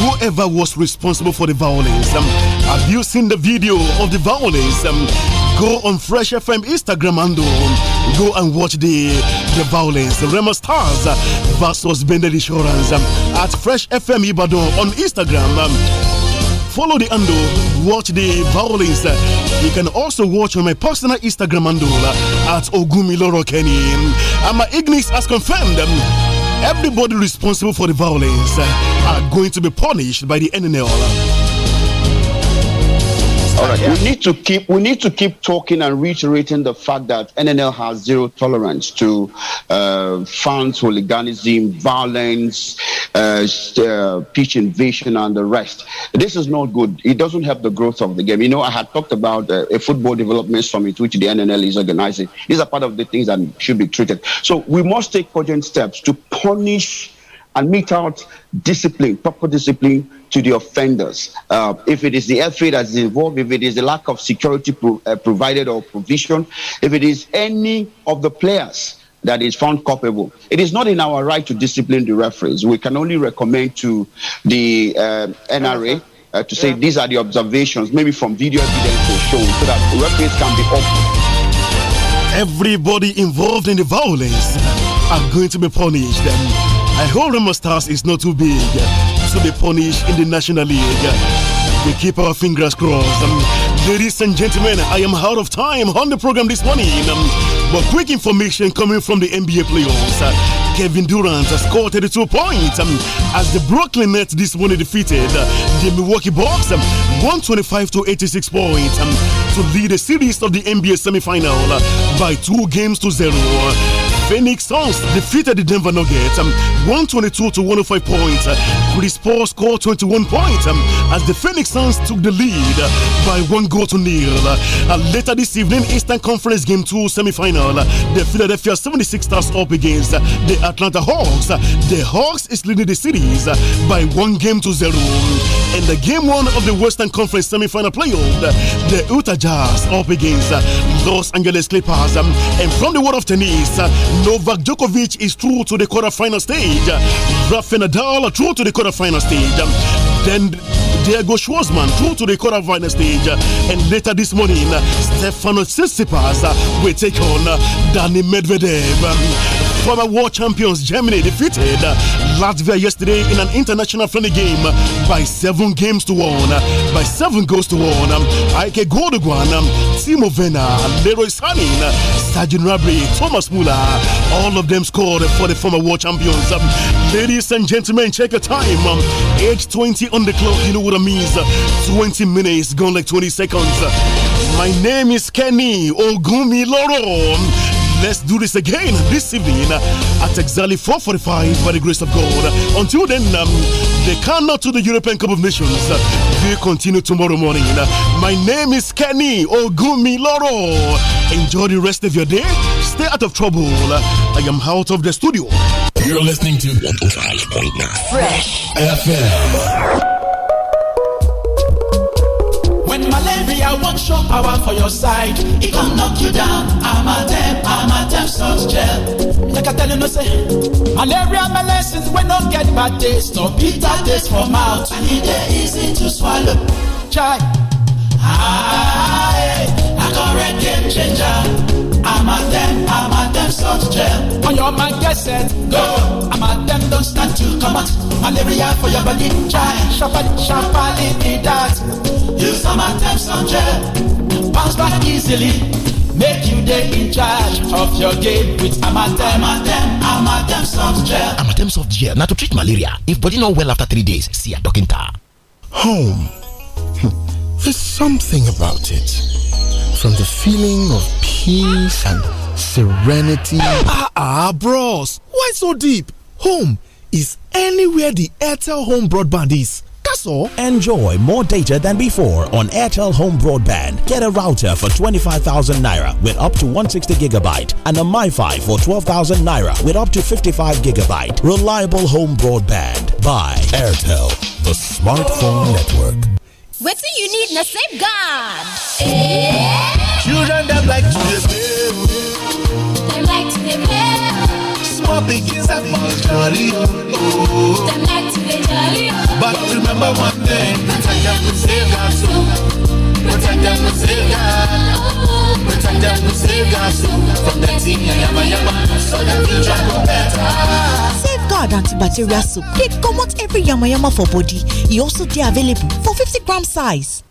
whoever was responsible for the violence. Um, have you seen the video of the violence? Um, go on Fresh FM Instagram and um, go and watch the the violence. Remo Stars uh, versus Bender Insurance um, at Fresh FM Ibado on Instagram. Um, follow the ando, watch the violence. Uh. You can also watch on my personal Instagram ando uh, at Ogumiloro Kenny. Um, and my Ignis has confirmed um, Everybody responsible for the violence uh, are going to be punished by the NNL. We need to keep we need to keep talking and reiterating the fact that NNL has zero tolerance to uh, funds, hooliganism, violence, uh, uh, pitch invasion, and the rest. This is not good. It doesn't help the growth of the game. You know, I had talked about uh, a football development summit which the NNL is organizing. These are part of the things that should be treated. So we must take urgent steps to punish and mete out discipline, proper discipline to the offenders. Uh, if it is the FA that's involved, if it is the lack of security pro- uh, provided or provision, if it is any of the players that is found culpable. It is not in our right to discipline the referees. We can only recommend to the uh, NRA uh, to say yeah. these are the observations, maybe from video evidence or shown, so that referees can be open. Everybody involved in the violence are going to be punished. I hope the Stars is not too big to be punished in the National League. We keep our fingers crossed. Um, ladies and gentlemen, I am out of time on the program this morning. Um, but quick information coming from the NBA playoffs. Uh, Kevin Durant has scored 32 points um, as the Brooklyn Nets this morning defeated uh, the Milwaukee Bucks um, 125 to 86 points um, to lead the series of the NBA semifinal uh, by two games to zero. Phoenix Suns defeated the Denver Nuggets um, 122 to 105 points. Uh, Chris Paul scored 21 points um, as the Phoenix Suns took the lead uh, by one goal to nil. Uh, later this evening, Eastern Conference Game 2 semifinal, uh, the Philadelphia 76ers up against the Atlanta Hawks. The Hawks is leading the series by one game to zero. In the game one of the Western Conference semifinal playoff, the Utah Jazz up against Los Angeles Clippers. Um, and from the world of tennis, Novak Djokovic is through to the quarterfinal stage. Rafael Nadal through to the quarterfinal stage. Then Diego Schwartzman through to the quarterfinal stage. And later this morning, Stefano Tsitsipas will take on Danny Medvedev. Former world champions Germany defeated Latvia yesterday in an international friendly game by seven games to one, by seven goals to one. Ike Gordogan, Timo Vena, Leroy Sanin, Sajin Rabri, Thomas Muller, all of them scored for the former world champions. Ladies and gentlemen, check your time. Age 20 on the clock, you know what I mean. 20 minutes, gone like 20 seconds. My name is Kenny Ogumiloro. Let's do this again this evening at exactly 4:45 by the grace of God. Until then, um, they cannot to the European Cup of Nations. We continue tomorrow morning. My name is Kenny Ogumiloro. Enjoy the rest of your day. Stay out of trouble. I am out of the studio. You're listening to 105.9 Fresh FM. prayer wan show power for your side e come knock you down amatem amatem salt gel make i tell you no say malaria medicines We no get bad taste or bitter taste for mouth and e dey easy to swallow chai ah, correct game changer. I'm at them, I'm at them, salt gel. On your mind, get set, go. I'm at them, don't stand to come out. Malaria for your body, try. Sharply, sharply, need that. Use some at them, salt gel. Bounce back easily. Make you day in charge of your game with Amatem. Amatem, Amatem soft gel. Amatem soft gel, now to treat malaria. If body not well after three days, see a doctor. Home. [laughs] There's something about it from the feeling of peace and serenity. [laughs] Ah, ah, bros, why so deep? Home is anywhere the Airtel home broadband is. That's Enjoy more data than before on Airtel Home Broadband. Get a router for 25,000 naira with up to 160 gigabyte and a MiFi for 12,000 naira with up to 55 gigabyte. Reliable home broadband by Airtel, the smartphone network do you need na safeguard. Children dem like to be play o. Dem like to dey play o. are pikin jolly o. Oh. like to be jolly oh. But remember one thing, protect dem with safeguard so. Protect dem with safeguard. Protect dem with safeguard so. From dirty and yama yama, so that future go better. guard antibacterial soap They come comot every yamayama for body e also dey available for fifty gram size.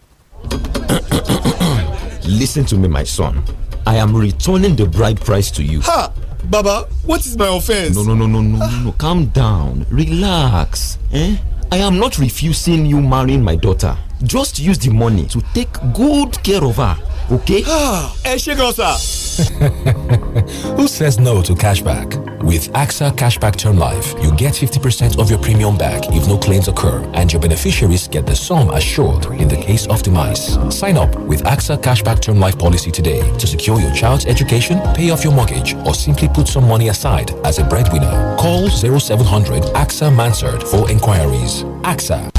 [coughs] Listen to me my son, I am returning the bride price to you. Ha! Baba, what is my offence? no, no, no, no, no, no. Ah. Calm down. Relax. Eh? I am not refusing you marrying my daughter. Just use the money to take good care of her okay? [gasps] Ah, ẹ ṣe gan sa. [laughs] Who says no to cashback? With AXA Cashback Term Life, you get 50% of your premium back if no claims occur, and your beneficiaries get the sum assured in the case of demise. Sign up with AXA Cashback Term Life policy today to secure your child's education, pay off your mortgage, or simply put some money aside as a breadwinner. Call 0700 AXA Mansard for inquiries. AXA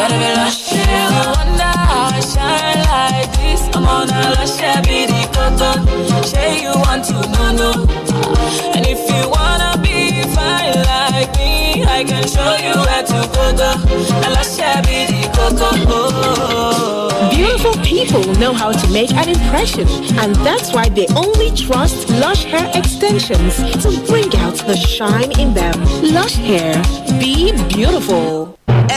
Gotta be lush, wonder how I shine like this. I'm on a lush, be the Say you want to know, no. And if you wanna be fine like me, I can show you where to go, go. A lush, be the Beautiful people know how to make an impression, and that's why they only trust Lush Hair Extensions to bring out the shine in them. Lush Hair, be beautiful.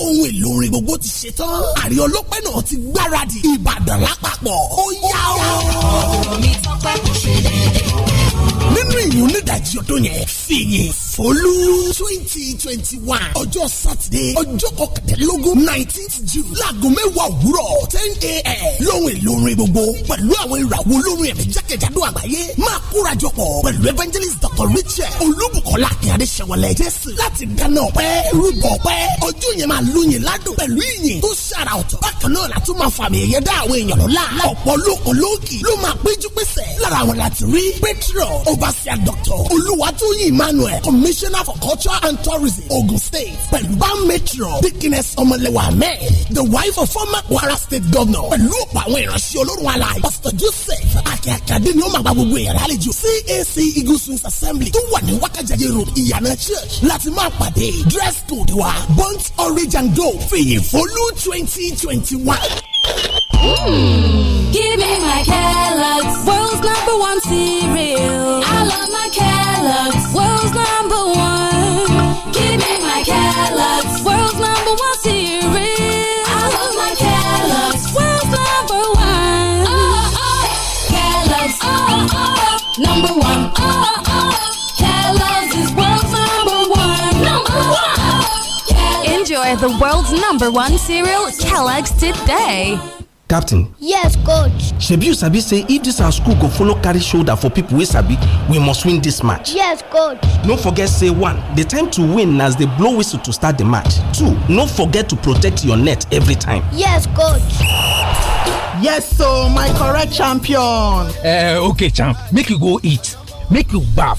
ohun èlò orin gbogbo ti ṣe tán àrí ọlọ́pẹ́ náà ti gbáradì ìbàdàn lápapọ̀ ó yá o. ọ̀rọ̀ mi tọ́pẹ́ kò ṣe déédéé. nínú ìsinmi onídàájí ọdún yẹn fìyìn fọlú twenty twenty one ọjọ́ sátidé ọjọ́ kọkàndínlógún nineteenth june láago mẹ́wàá òwúrọ̀ ten a.m. lóhùn ìlórin gbogbo pẹ̀lú àwọn ìràwọ̀ olórin ẹ̀mí jákèjádò àgbáyé máa kórajọ pọ̀ pẹ̀lú evangelist dr richard olúbùkọ́lá akínyàdé ṣẹ̀wọ̀lẹ̀ jésù láti dáná ọpẹ́ rúbọ ọpẹ́ ọjọ́ yẹn máa lóyin ládùn pẹ̀lú ìyìn tó ṣàrà ọ̀tọ̀ bákan náà látún máa fàmì ẹ̀yẹ dá àwọn èèyàn lọ́lá ọ̀pọ̀ lóko lóòkì ló máa péjú pésẹ̀ Doctor, Oluwatoyin Emmanuel, Commissioner for Culture and Tourism, Ogun State. Pẹ̀lúbá Metro Dickiness Ọmọlẹ́wà Ahmed, the wife of former Kwara State Governor. Pẹ̀lú ọ̀pọ̀ àwọn ìránṣẹ́ olórun alaye. Pastor Joseph Akíakíadé ni ó máa gba gbogbo ìyàrá àlejò. CAC Eagle Swings Assembly tó wà ní Wákàjáde Road, Ìyànà Church láti máa pàdé. Dress code wa Burnt Orange and Gold fìyìn fólú twenty twenty one. Give me my Kellogg's, world's number one cereal. I love my Kellogg's. the world's number one cereal, Kellogg's, today. captain yes coach shebi you sabi say if this our school go follow carry shoulder for people wey sabi we must win this match yes coach no forget say one The time to win as dey blow whistle to start the match two no forget to protect your net every time yes coach yes so my correct champion Uh, okay champ make you go eat make you baff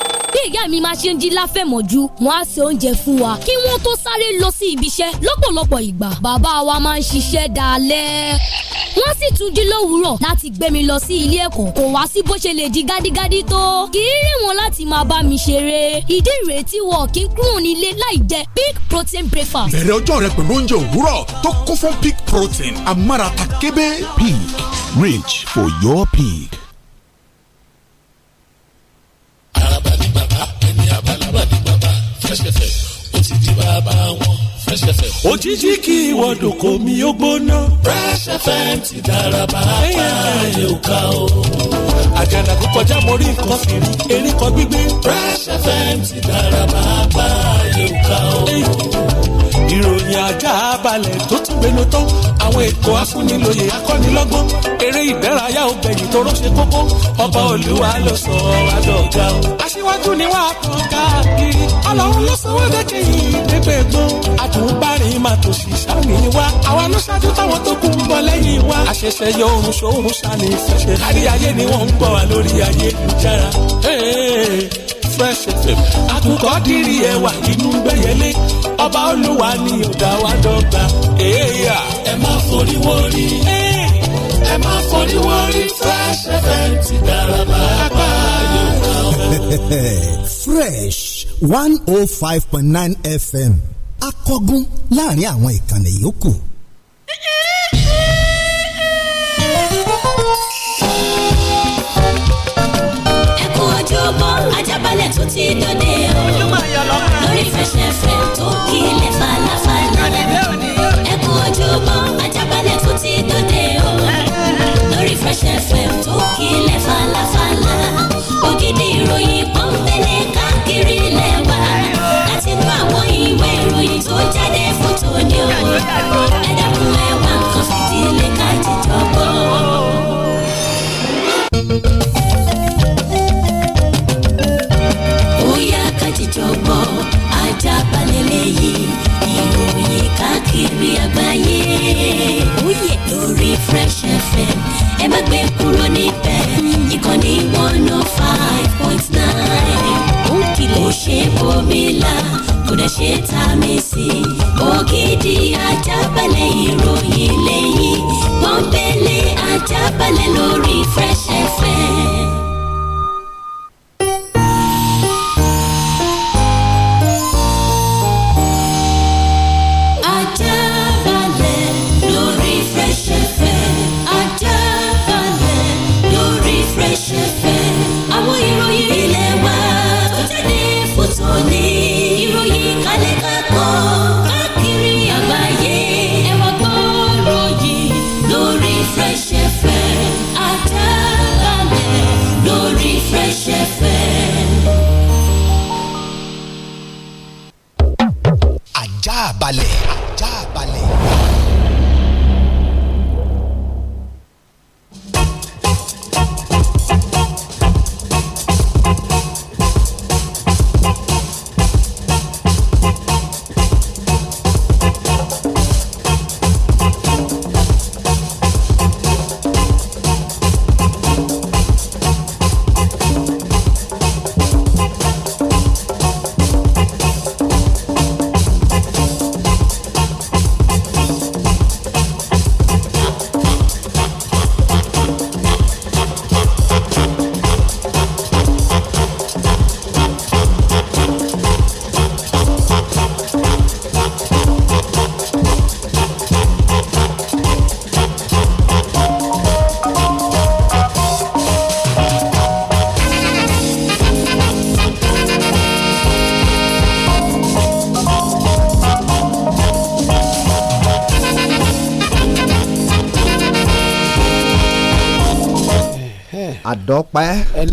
bí ìyá mi máa ṣe ń jí láfẹ̀mọ́jú wọ́n á se oúnjẹ fún wa kí wọ́n tó sáré lọ sí ibi iṣẹ́ lọ́pọ̀lọpọ̀ ìgbà bàbá wa máa ń ṣiṣẹ́ dalẹ́ wọ́n sì tún jí lówùúrọ̀ láti gbé mi lọ sí ilé ẹ̀kọ́ kò wá sí bó ṣe lè di gádígádí tó kì í rìn wọn láti máa bá mi ṣeré ìdí ìrètí wọ kí n kúrò nílé láì jẹ big protein breakfast. bẹ̀rẹ̀ ọjọ́ rẹ pẹ̀lú oúnjẹ òwúrọ̀ tó kún fún big protein amárata kébé. pig rich for your pig fresh fm ó ti di bàbá wọn fresh fm. òjijì kí ìwọ́dọ̀ kò mí ó gbóná. fresh fm ti dára bàbá ayé ò ká o. àjànà kó kọjá mo rí nǹkan fìrí erékọ gbígbé. fresh fm ti dára bàbá ayé ò ká o ìròyìn ajá balẹ̀ tó tún gbénu tán àwọn ètò afúnilòyè akọ́nilọ́gbọ́n eré ìdárayá obìnrin tó rọ́ṣẹ́ kókó ọba olúwa ló sọ adọ́gà o. aṣíwájú ni wàá kàn káàkiri ọlọ́run ló sanwó dẹ́kẹ́ yìí dẹ́gbẹ́ gbọ́n àdùnbárin máa tò sí sáni wa àwa ló ṣáájú táwọn tó kù ń bọ̀ lẹ́yìn wa àṣẹ̀ṣẹ̀ yọ oorun ṣòun ṣàní ìfẹsẹ̀ kárí ni wọ́n ń gbọ́ wa lórí ayélujára fresh fm àkùkọ dìrì ẹwà inú gbẹyẹlé ọba olúwa ni ọ̀dà wa dọ́gba. ẹ má forí wọrí ẹ má forí wọrí fresh fm ti dára pàápàá yóò fresh one oh five point nine fm akọgun láàrin àwọn ìkànnì yòókù. [laughs] tún ti dòde o lórí fẹsẹ̀fẹ̀ tó kílẹ̀ falafala ẹ kú ojúmọ́ Ajaabale tún ti dòde o lórí fẹsẹ̀fẹ̀ tó kílẹ̀ falafala.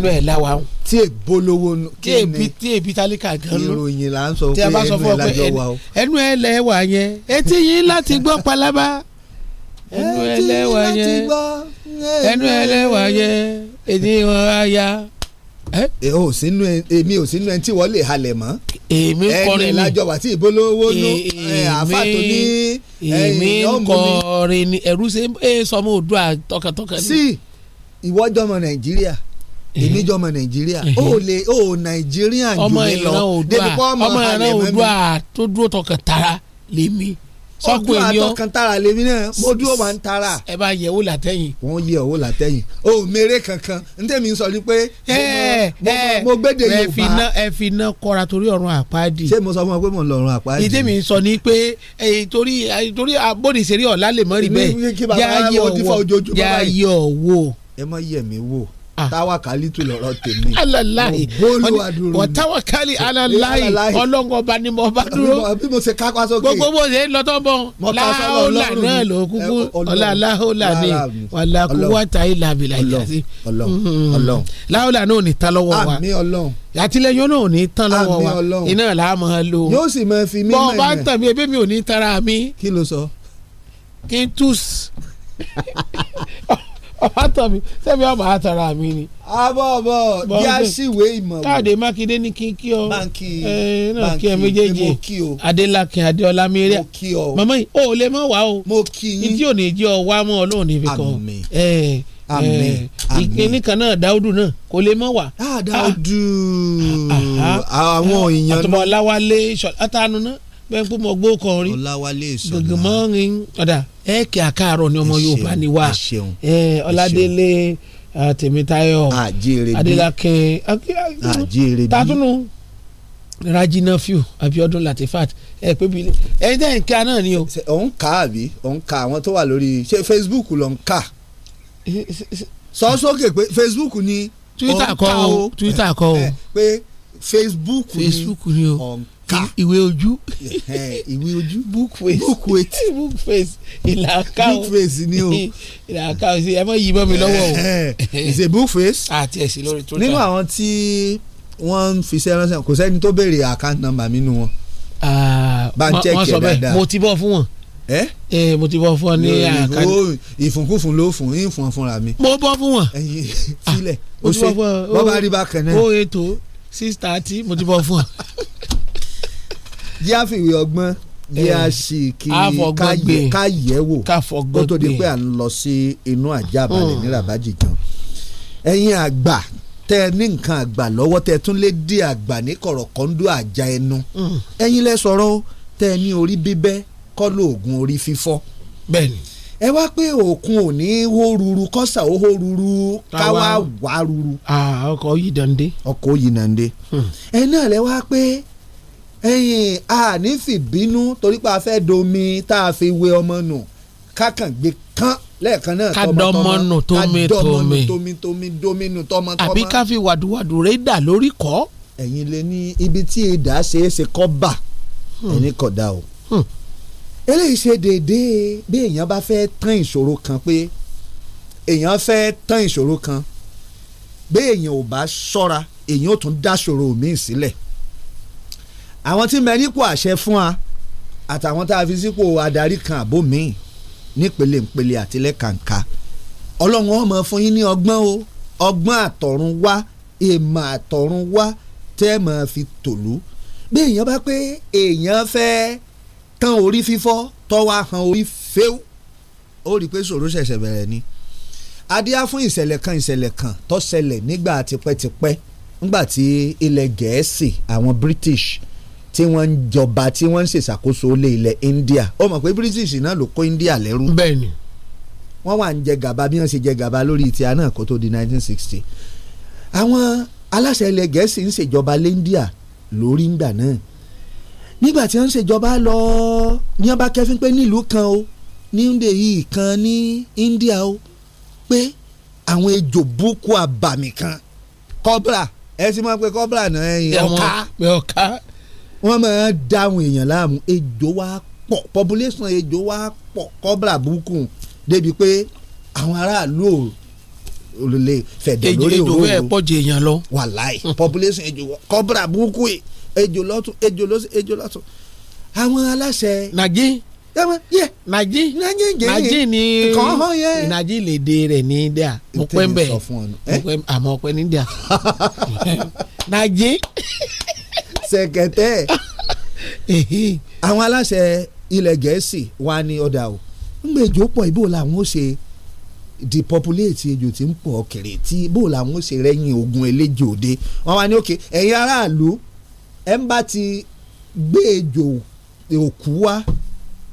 ẹnu ẹ̀ láwa ń. tí èbó lówó kí ni tí èbí tálíkà gan ló ìròyìn là ń sọ pé ẹnu ẹ̀ lájọ wa o. ẹnu ẹ̀ lẹ́wà yẹn etí yín láti gbọ́ palaba ẹnu ẹ̀ lẹ́wà yẹn ẹnu ẹ̀ lẹ́wà yẹn èdè wọn á ya ẹ ò sínú èmi ò sínú ẹni tí wọ́n lè halẹ̀ mọ́ èmi kọrin ni ẹni lájọ wà tí ìbólówó ló àfa tó ní èmi kọrin ni ẹ̀rú ṣe é sọmọ òdua tọkàntọkàn ni. sí ìwọ́jọ́mọ nàìjíríà èmi jọ ọmọ nàìjíríà ó lè ó nàìjíríà jù mí lọ débi pọ ọmọ ìran Oòduà tó dúró tọkàn tara lèmi sọ́kù èmi ó Oòduà tọkàn tara lèmi náà mo dúró wà ń tara. ẹ bá yẹ wò látẹ̀yìn. wọ́n yẹ wò látẹ̀yìn o mèrè kankan n tẹ̀mí sọ ni pé mo gbéde yorùbá. ẹ fi iná kọra torí ọ̀run àpáàdì. ṣé mo sọ fún ọ pé mo ń lọ ọ̀run àpáàdì. ìdí mi sọ ni pé torí abódìsẹ́rí ọ̀la lè mọ́ rí bẹ́ẹ̀ yáyọ̀ wò yáyọ̀ wò. ẹ má yẹ̀ mí wò. Ah. tawakalitu lọ́rọ̀ tèmi. alalayi wọ tawakali alalayi ọlọ́ngọba ni mo bá dúró gbogbo bó ṣe lọ́tọ́ bọ̀ láhóòlà náà ló kúkú ọ̀làláhóòlà ni wàlàkúwàtà ìlàbìlà ìjàsí. láhóòlà náà ò ní tán lọ́wọ́ wa àtìlẹyìn náà ò ní tán lọ́wọ́ wa iná làámọ lò. yóò sì máa fi mí mẹ́rin. bọ́ọ̀ bá ń tàn mí mi ò ní tara mi. kí ló sọ. kí n túùs. [laughs] ọba tán mi sẹ́mi ọba àtàrà mi ni. abọ́bọ̀ bí a sì wé ìmọ̀ wò. káàdé mákindé ní kí n kí ọ. báńkì báńkì ẹ méjèèjì adélakìn adéọlá mẹ́rẹ́. mo kí ọ. màmá yìí o ò lè mọ̀ wa o. mo kí yín. ìdí òní ìdí ọ wá mọ́ ọlọ́run níbi kan. àmín àmín àmín. ìpínlẹ̀ kan náà dáúdù náà kò lè mọ̀ wá. Ah, dáúdù ah, ah, àwọn èèyàn náà. àtọmọláwálé ṣọlá tánu náà bẹ́ẹ̀ pé mo gbó kan rí gbẹ̀gbẹ̀mọ́ rin ọ̀dà ẹ̀ kí àkàrọ̀ ni ọmọ Yorùbá ni wá Ọládélé Tèmítáyọ̀ Adélákẹ́ tatunu rajina fiu abiodun latifat ẹ pé bi ẹ jẹ́ nǹkan náà ni o. ò ń kà àbí ò ń kà àwọn tó wà lórí ṣé Facebook ló ń kà eh, eh, eh, sọ sókè pé Facebook ni twitter kọ o twitter kọ o pé facebook ni facebook ni o ọ̀nkà ìwé ojú ìwé ojú book face book wait [laughs] book face ìlàkà o book face ni o [laughs] ìlàkà o ẹ mọ yìí mọ mi lọ́wọ́ o [laughs] it's a book face àti ẹ̀sìn lórí tó ta nínú àwọn tí wọ́n fi sẹ́rán sẹ́rán kò sẹ́ni tó béèrè account number mi nù wọn. Ah, bá ń check ẹ̀ dáadáa mo ti bọ́ fún wọn. ẹ ẹ mo ti bọ́ fún ọ ní àkàdé. ìfúnkúfún ló fún yín fún ọ fúnra mi. mo bọ́ fún wọn. ẹyin sílẹ̀ o ṣe bọ́ bá rí bákan náà six thirty mo ti bọ̀ fún ọ. jí a fìwé ọgbọ́n jí a sì kí ká yẹ̀ wò kó tó di pé à ń lọ sí inú àjà balẹ̀ hmm. ní rabaji kan ẹ̀yin àgbà tẹ ní nǹkan àgbà lọ́wọ́ tẹ tún lé dí àgbà ní kọ̀rọ̀kọ́ńdó àjà ẹnu hmm. ẹ̀yin lẹ sọ̀rọ̀ tẹ ní orí bíbẹ́ kọ́ lóògùn orí fífọ́. bẹ́ẹ̀ni ẹ wá pé òkun ò ní hó ruru kọ́sà ó hó ruru káwá wá ruru. ọkọ̀ yìí dande. ọkọ̀ yìí dande. Hmm. ẹ náà lẹ wá pé ẹ̀yin a ní fìbínú torí pé a fẹ́ domi tá a fi wé ọmọ nù kákàngbé kán lẹ́ẹ̀kan náà tọmọtọmọ ká dọ́mọ́nù tómi tómi domi nù tọmọtọmọ. àbí ká fi wàdúwàdù rẹ̀ dà lórí kọ́. ẹ̀yin lè ní ibi tí ìdá ṣeé kọ́ bà hmm. ẹni kódà o. Hmm eléyìí ṣe déédéé bí èèyàn bá fẹ́ tán ìṣòro kan pé èèyàn fẹ́ tán ìṣòro kan bí èèyàn ò bá ṣọ́ra èèyàn ò tún dá ṣòro míì sílẹ̀ àwọn tí mẹ nípò àṣẹ fún wa àtàwọn tá a fi sípò adarí kan àbó míì nípele nípele àtìlẹ́kàǹkà ọlọ́run ọmọ fún yín ní ọgbọ́n o ọgbọ́n àtọ̀run wá èèmọ̀ àtọ̀run wá tẹ́ ẹ máa fi tòlú bí èèyàn bá pé èèyàn fẹ́ẹ́ tán orí fífọ́ tọ́wọ́ ahọ́n orí fẹ́ù ó rí i pé ṣòro ṣẹ̀ṣẹ̀ bẹ̀rẹ̀ ni adíá fún ìṣẹ̀lẹ̀ kan ìṣẹ̀lẹ̀ kan tó ṣẹlẹ̀ nígbà tipẹ́tipẹ́ nígbà tí ilẹ̀ gẹ̀ẹ́sì àwọn British tí wọ́n ń jọba tí wọ́n ń ṣèṣàkóso lé ilẹ̀ India ó mọ̀ pé British náà ló kó India lẹ́rú. bẹ́ẹ̀ni. wọ́n wà ń jẹ gàba bí wọ́n ṣe jẹ gàba lórí ìtìá náà kó tó di 1960 àwọn aláṣẹ ilẹ̀ gẹ̀ẹ́sì ń ṣèjọba lé India lórí ìgbà náà nígbà tí wọ́n ń ṣèjọba lọ ní ọba kẹfín pé nílùú kan o ní ndé yìí kan ní India o pé àwọn ejò búkú àbàmì kan kọ́bra ẹ ti máa pe kọ́bra náà ẹ̀yìn ọ̀ká ọ̀ká wọ́n máa dá àwọn èèyàn láàmú ejò wa pọ̀ population ejò wa pọ̀ kọ́bra búkú débi pé àwọn aráàlú ò lè fẹ̀dọ̀ lórí òru ejò bẹ́ẹ̀ pọ̀ jẹ èèyàn lọ. wàláì population ejò kọ́bra búkú yìí ejò lọ́tún ejò lọ́sùn ejò lọ́tún àwọn aláṣẹ. nàjí nàjí nàjí ni nàjí lèdè rẹ̀ ní india mo pẹ́ ń bẹ̀ àmọ́ ọpẹ́ ní india [laughs] nàjí. sẹ̀kẹ̀tẹ̀ àwọn aláṣẹ ilẹ̀ gẹ̀ẹ́sì wa ní ọ̀dà o ńgbà ejò pọ̀ ibo làwọn ó ṣe depopulate ejò tí ń pọ̀ kiri tí bó làwọn ó ṣe rẹ́yìn ogun eléjòde wọn wá ní òkè ẹ̀yin aráàlú ẹ ń bá ti gbé ejò òkú wá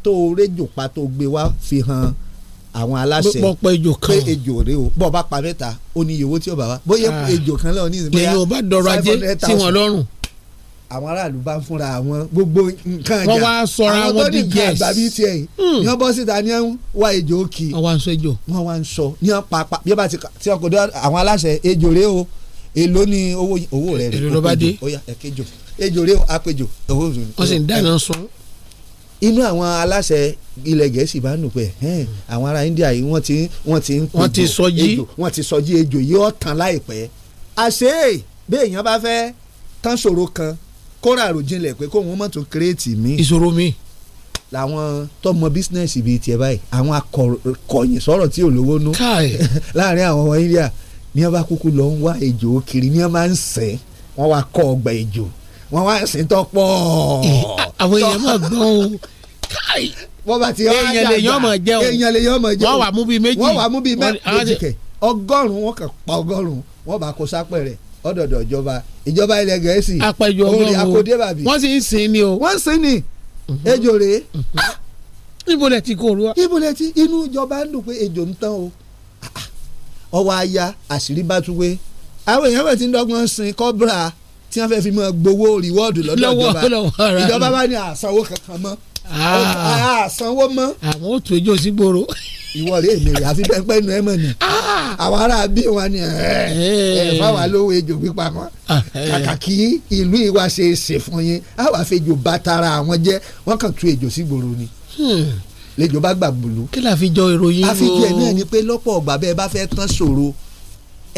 tó réjò pa tó gbé wá fi hàn àwọn aláṣẹ bọ́ pẹ́ ejò kan pé ejò rẹ o bọ́ bá pa mẹ́ta ó ní iye owó tí ó bá wá bóyá ah. ejò kan lọ́wọ́ ní ìsinmi lẹ́yìn o bá dọ̀rọ̀ ajé sí wọn lọ́rùn àwọn aráàlú bá ń fúnra àwọn gbogbo nǹkan ìjà wọ́n wá sọra wọn di yes àwọn tó ní nǹkan àgbàbí tiẹ̀ yìí hmm. ni wọ́n bọ́ síta ni wọ́n wá ejò kì í wọ́n wá ń sọ ni wọ́n pa pa bí wọ́n bá ti tí wọ́n kò dé àwọn aláṣẹ ejò rẹ o èló ni owó owó rẹ rè èló ló bá dé oya ẹkẹjọ ejò rẹ apẹjọ owó rẹ. wọ́n sì ń dáná sun. inú àwọn aláṣẹ ilẹ̀ gẹ̀ẹ́sì bá nù pé àwọn ará India yìí wọ́n ti wọ́n ti ń pejò ejò wọ́n ti sọjí ejò yìí ọ̀tàn láìpẹ́ àṣé bẹ́ẹ̀ èèyàn bá fẹ́ tán ṣòro kan kóra àròjinlẹ̀ pé kóun mọ̀ tó kírètì mi. ìṣòro mi. làwọn tọmọ bísínẹ́sì bíi tiẹ̀ báyìí àwọn akọ̀yìn sọ̀rọ̀ tí ò lówó nú [laughs] láàrin àwọn ọmọ India ní wọ́n bá kúkú lọ ń wá ejò kiri ní wọ́n máa ń sẹ́ wọ́n wá kọ́ ọgbà ejò wọ́n wá ń sìn tọ́pọ̀. àwọn èèyàn máa gbọ́n o káì wọ́n bá ti wá dàgbà èèyàn lè yàn mọ̀ jẹun èèyàn lè yàn mọ̀ jẹun wọ́n wà mú bíi méjì wọ́n wà mú bíi méjì kẹ̀ ọgọ́rùn-ún wọ́n kàn pa ọgọ́rùn-ún wọ́n bá kó sápẹ̀rẹ̀ ọ̀dọ̀dọ̀ ìjọba ìjọba ilẹ̀ gẹ̀ẹ́sì àpẹjọ ọgọ́rùn-ún wọ́n sì ń sìn ni o wọ́n sìn ni mhm. ejò rèé níbo mhm. ah! lẹ ti kó olúwa. níbo lẹ ti inú ìjọba ń dùn pé ejò ń tán o ah, ah ọwọ́ aya àṣírí bá tú wé àwọn èèyàn bẹ̀ ti ń dọ́gbọ́n sin kọ́bra tí wọ́n fẹ́ fi máa gbowó rìwọ́ọ̀dù lọ́dọ̀ ìjọba ìjọba bá ní àsanwó kankan mọ́ àsanwó ah. mọ́. àwọn ò tójú sí gbòòrò. ìwọ rèé mi rè àfi pẹ́pẹ́ nu ẹ mọ̀ ni ah. àwọn ará bí wọn ni eh. fáwọn alówó ejò pípa mọ́ ah, eh. kàkà kí ìlú ìwà ṣe é ṣe fún yín àwọn àfejò bá tara àwọn jẹ́ wọ́n kàn tú ejò sí gbòòrò ni. Hmm lẹ́jọ́ bá gbà gbòòlò. kí la fi jọ ìròyìn o. àfijọ́ ẹ̀ náà ni pé lọ́pọ̀ ọ̀gbà bẹ́ẹ̀ bá fẹ́ tán ṣòro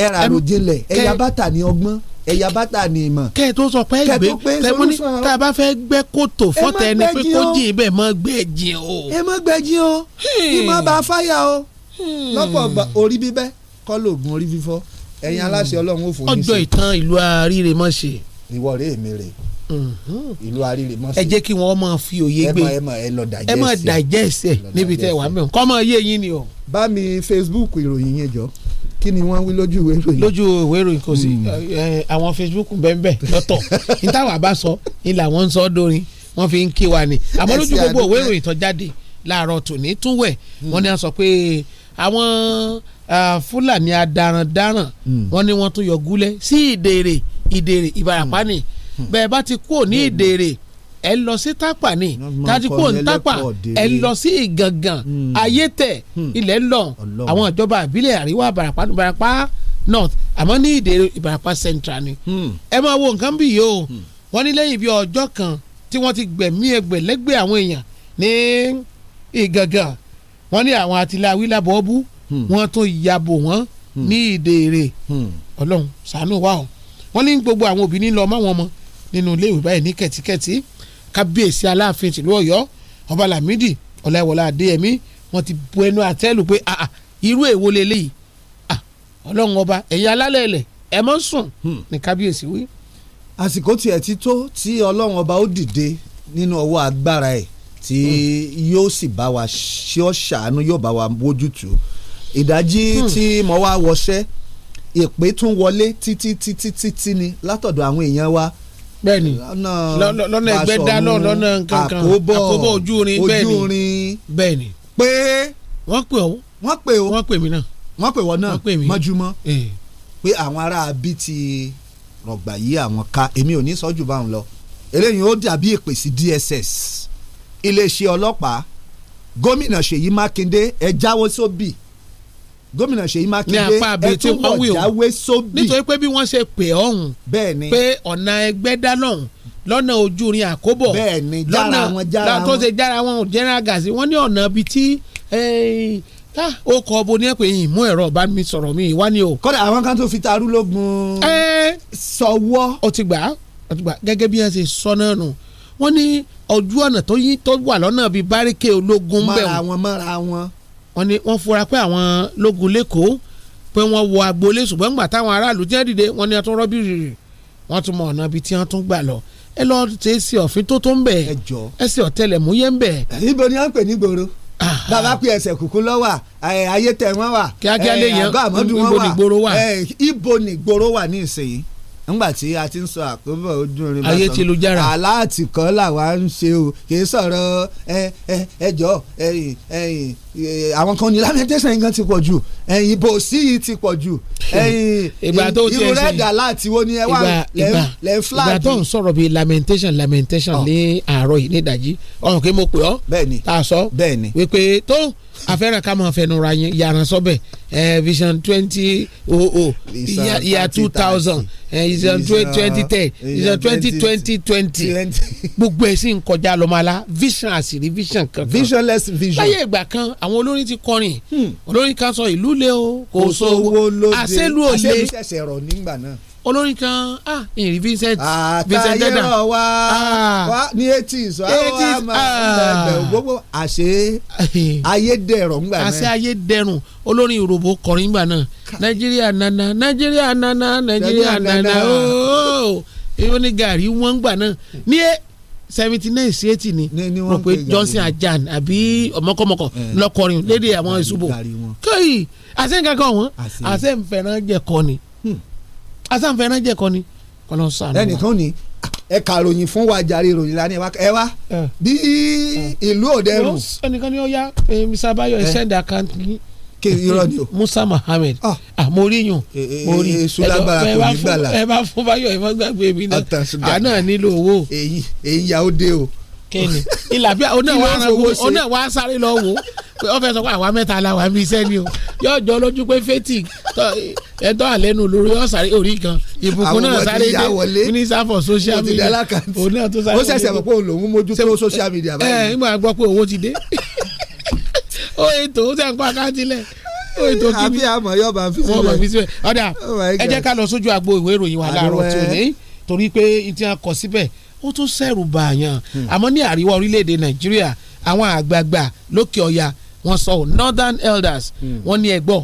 ẹ̀rà àròjinlẹ̀ ẹ̀yà bàtà ní ọgbọ́n ẹ̀yà bàtà ní ìmọ̀. kẹ́ ẹ tó sọ pé ìgbé tẹmọ́ni tá a bá fẹ́ gbẹ́ kòtò fọ́tẹ̀ ẹni pé kó jìn bẹ́ẹ̀ mọ́ gbẹ́ jìn o. ẹ mọ́ gbẹ́ jìn o hmm. ìmọ̀ bá fáyà o hmm. lọ́pọ̀ orí bíbẹ́ kọ́ lóògùn orí fífọ́ ẹ̀yin hmm. aláṣẹ ọlọ́run ò fòyín sí. ọjọ́ ìtàn ìlú àríre mọ̀ ṣe. ìwọ rèé mi rèé ìlú arírèmọ sí. ẹ jẹ́ kí wọ́n máa fi òye gbé ẹ máa ẹ lọ dàjẹ́ ẹsẹ̀ ẹ máa dàjẹ́ ẹsẹ̀ níbi tẹ́ wà mẹ́wọ̀n kọ́ yé yín ni o. bá mi Facebook ìròyìn yẹn jọ kí ni wọ́n wí lójú ìwé ìròyìn. lójú ìwé ìròyìn kò sí hmm. àwọn Facebook bẹ́ẹ̀ lọ́tọ̀ [laughs] nítawà bá sọ ni làwọn ń sọ ọ́ dórin wọ́n fi ń kí wa ni àmọ́ lójú gbogbo ìwé ìròyìn tó jáde láàárọ̀ tòní túwẹ̀ hmm. wọ́n ní wọ́n sọ pé àwọn Fúlàní adarandaran hmm. wọ́n ní wọ́n tún yọ gúlẹ̀ sí Ìdèrè Ìdèrè Ìbàràpá ni. Mm bẹ́ẹ̀ bá ti kúrò ní ìdèrè ẹ lọ sí tápà ni tàbí kúrò ní tápà ẹ lọ sí ìgangan hmm. ayé tẹ̀ hmm. ilẹ̀ lọ àwọn ìjọba ìbílẹ̀ àríwá barapa barapa north àmọ́ ní ìdèrè ìbarapa central ni hmm. ẹ máa wo nǹkan bí yìí o wọ́n ní lẹ́yìn bí ọjọ́ kan tí wọ́n ti gbẹ̀mí ẹgbẹ̀lẹ́gbẹ̀ àwọn èèyàn ní ìgangan wọ́n ní àwọn àtìláwí làbọ̀ọ́bù wọ́n tún yàbò wọ́n ní ìdèrè ọlọ́run ṣàánú wa o wọ́n ní gbogbo àwọn òbí ní lọ mọ́ wọn mọ́ nínú iléèwé báyìí ní kẹ̀tíkẹ̀tí kábíyèsí aláàfin tìlú ọ̀yọ́ ọba lámìdí ọláìwọlá adéyẹmí wọ́n ti bu ẹnu àtẹ́lù pé irú èwo leléyìí ọlọ́run ọba ẹ̀yin alálẹ̀ ẹ̀lẹ̀ ẹ mọ́ sùn hmm. ní kábíyèsí wí. àsìkò tiẹ̀ ti tó tí ọlọ́run ọba ó dìde nínú ọwọ́ agbára ẹ̀ tí hmm. yóò sì bá wa ṣe ọ́ ṣàánú yóò bá wa bójútó ìdájí hmm. tí mo wá wọṣẹ́ ìpè tún wọlé títí títí títí ni látọ̀dọ̀ àwọn èèyàn wa. Hmm bẹ́ẹ̀ni lọ́nà ẹgbẹ́dá lọ́nà nkankan àkóbọ̀ ojú irin bẹ́ẹ̀ni bẹ́ẹ̀ni. pé wọ́n pè ọ́ wọ́n pè ọ́ wọ́n pè mí náà wọ́n pè wọ́n náà mọ́júmọ́ pé àwọn ará abí ti rọ̀gbà yí àwọn ká èmi ò ní sọ́jú báwọn lọ eléyìí ó dàbí èpè DSS iléeṣẹ́ ọlọ́pàá gómìnà Ṣèyí Mákindé ẹ jáwọ́ sóbì so gómìnà Ṣèyí Mákindé ẹtú ọ̀jáwé sóbì nítorí pé bí wọ́n ṣe pè ọ̀hún pé ọ̀nà ẹgbẹ́ dálọ́hún lọ́nà ojúrin àkóbọ̀ bẹ́ẹ̀ni jára wọn jára wọn tó ṣe jára wọn general gazi wọ́n ní ọ̀nà ibi tí ó eh, ah, kọ ọbọ ní ẹ pé yìí mú ẹ̀rọ bá mi sọ̀rọ̀ mi wá ní o. kọ́dà àwọn kan tó fi tarú lógun. Eh, sọwọ́. ó ti gbà ó ti gbà gẹ́gẹ́ bí wọ́n ṣe sọ náà nù wọ́n ní ojú ọ̀nà tó yí tó wà lọ́nà bíi báríkè ológun bẹ̀rù. mọ́ra wọn mọ́ra wọn wọ́n ní wọ́n fura pé àwọn lógun lẹ́kọ̀ọ́ pé wọ́n wọ agboolé ṣùgbọ́n gbà táwọn aráàlú jẹ́ dìde wọ́n ní atún rọ́bì rìrì wọ́n tún mọ ọ̀nà ibi tí wọ́n tún gbà lọ ẹ lọ ṣe é sí ọ̀fin tó tó ń bẹ̀ ẹ sì ọ̀tẹlẹ̀múyẹ́ ń bẹ̀. ibo ni wọ́n pè ní gbòòrò ah. bàbá pé ẹsẹ̀ kúkú lọ wà ayé tẹ̀ wọ́n wà kíákíá lè yẹn ibo nìgboro wà ibo nìgboro wà ní ìsẹ̀yìn ńgbà tí a ti ń sọ àkóbọ̀ ojú irin bá sọ ayé ti làwa ń ṣe o kì í sọ̀rọ̀ ẹ ẹ ẹjọ́ ẹyìn ẹyìn àwọn kan ní lámẹ́tẹ́sán nǹkan ti pọ̀ jù ẹyìn bò sí yìí ti pọ̀ jù ẹyìn irú rẹ̀dà láti wo ni ẹ wá lẹ́ ń flag. ìgbà tó ń sọ̀rọ̀ bíi lamentation lamentation oh. ní àárọ̀ yìí nídàjí ọ̀hún kí mo pè ọ́ bẹ́ẹ̀ ni tá a sọ bẹ́ẹ̀ ni wípé tó afẹ́ràn ká máa fẹnu ra yín yàrá sọ́bẹ̀ vision twenty oh oh year two thousand vision twenty ten vision twenty twenty twenty gbogbo ẹ̀ sì ń kọjá lọ́mọ́lá vision àṣírí vision kankan visionless vision láyé ìgbà kan àwọn olórin ti kọrin hmm. olórin kan sọ ìlú le o kò sówó àṣẹlú òle àṣẹlú ṣẹ̀ṣẹ̀ rọ̀ nígbà náà olórin kan ah ìrìn Vincent Vincent Dada àtàyè wa wa ní eighties wa wa máa ah. gbogbo àṣé [laughs] ayédèrò ńgbà náà àṣé ayédèrùn olórin òròbó kọrin ńgbà náà Nàìjíríà nana Nàìjíríà nana Nàìjíríà nana ooo èyí ni gàrí wọn ńgbà náà ní e, seventy nine sí eighty ni mo pe Johnson Ajan àbí ọmọkọmọkọ eh. lọkọrin lédè àwọn ìṣubú kéyì àṣẹ nǹkan kan wọn àṣẹ nfẹràn jẹkọ ni asanfẹ náà jẹ kọ́ni kọ́nà sànù. ẹnìkan ní ẹ kàròyìn fún wa jàre ìròyìn lánàá wa ẹ wa bí ìlú òde rù. ẹnìkan ni ó yá Mr. Bayo send account ní irọ́ ni o. Musa Muhammed ah. ah, mo rí yùn mo rí èso lágbára kò ní gbàlà ẹ bá fún Bayo ẹ má gbàgbé mi náà àná nílò owó. èyí èyí ya ó dé o. kẹ́ni ìlàbí ọ̀nà wa sáré lọ wò ó wọ́n fẹ́ sọ pé àwa mẹ́ta la wà mí iṣẹ́ ni o yóò jọ lójú pé fẹ́tì ẹ̀tọ́ àlẹ́nu olórí yóò sáré orí kan ìbùkún náà sáré dé minister for social media òun náà tó sáré dé. ó ṣẹ̀ṣẹ̀ pé òun lòún mójú tó social media báyìí. ẹ ẹ ìgbà gbọ́ pé owó ti dé [laughs] ó ètò ó sẹ́ńkọ́ àkáǹtì lẹ̀ ó ètò kí mi. àbí àmọ̀ yóò bá fi síbẹ̀. ọ̀dà oh ẹ jẹ́ ká lọ sójú àgbo ìwé ìròyìn wa láàárọ̀ tí ò ní torí pé ìtì akọ̀ síbẹ̀ ó tún ṣẹ̀rù bàyàn hmm. àmọ́ ní àríwá orílẹ̀-èdè Nàìjíríà àwọn àgbààgbà lókè ọ̀yà wọ́n sọ northern elders hmm. wọ́n ní ẹ̀gbọ́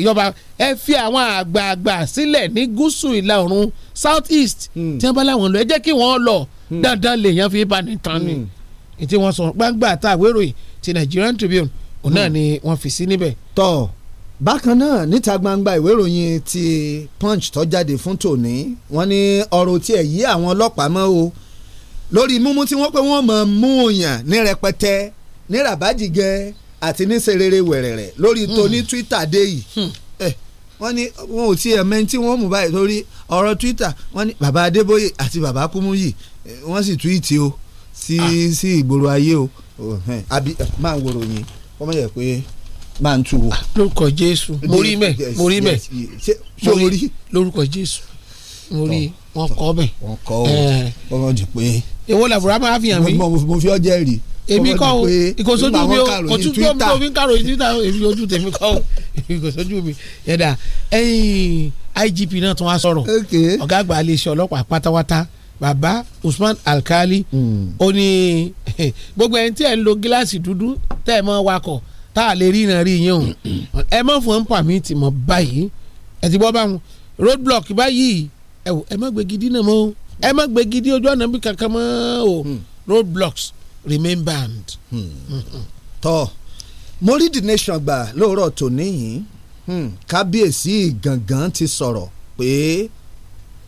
ìjọba ẹ fi àwọn àgbààgbà sílẹ̀ ní gúúsù ìlà oòrùn south east hmm. tí wọ́n bá láwọn lọ ẹ jẹ́ kí wọ́n lọ hmm. dandan lèèyàn fi bá ní tán ni ètí wọ́n sọ gbangba àtàwérò yìí ti Nigerian Tribune òun náà ni wọ́n fi sí níbẹ̀. tọ́ bákan náà níta gbangba ìwé ìròyìn ti punch tó jáde fún tòní wọ́n ní ọ̀rọ̀ tí ẹ yí àwọn ọlọ́pàá mọ́ o lórí mímú tí wọ́n pé wọ́n mọ̀ mú òyàn ní rẹpẹtẹ ní ràbájì gẹ́ẹ́ àti níṣe rere wẹ̀rẹ̀rẹ̀ lórí hmm. tóní Twitter dé yìí hmm. eh, wọ́n ní wọn ò tiẹ̀ mẹ́ni tí wọ́n mú báyìí lórí ọ̀rọ̀ Twitter wọ́n ní bàbá Adébóyè àti bàbá Kúmúyì eh, wọ́n sì túwìtì o sí ah. sí ìgboro ayé o oh, eh, àbí máa ń wòrò yín wọ́n mọ̀ yẹ pé máa ń tu wò. Ah, lórúkọ Jésù mo rí mẹ mo rí mẹ mo rí lórúkọ Jésù mo rí wọn kọ bẹ. wọn kọ ọ wọn jù pé. èwo làbúrò a máa fi hàn mí. mo fi ọ jẹ́rìí èmi kọ́ o ìkòsójú mi o òtún tó tó fi ń kàròyìn twitter èmi ojú tèmi kọ́ o [laughs] ìkòsójú mi yẹ̀dà ẹ̀yìn IGP náà tún wá sọ̀rọ̀ ọ̀gá àgbà iléeṣẹ́ ọlọ́pàá pátápátá bàbá Usman Alkali hmm. ó ní [laughs] gbogbo ẹni tí ẹ ń lo gíláàsì dúdú tẹ́ ẹ mọ́ wakọ̀ tá a lè rí ìran rí yẹn o ẹ mọ̀ fún ọ́n pàmì tì mọ́ báyìí ẹ ti bọ́ báwọn road báyìí ẹ má gbégi dínà mọ́ ẹ má gbégi ojú ọ̀nà bí kankan mọ́ o hmm. road remain banned. Hmm. Mm-hmm. tọ́ mo rí the nation gbà lóòrọ̀ tòní yìí hmm, kábíyèsí gangan ti sọ̀rọ̀ pé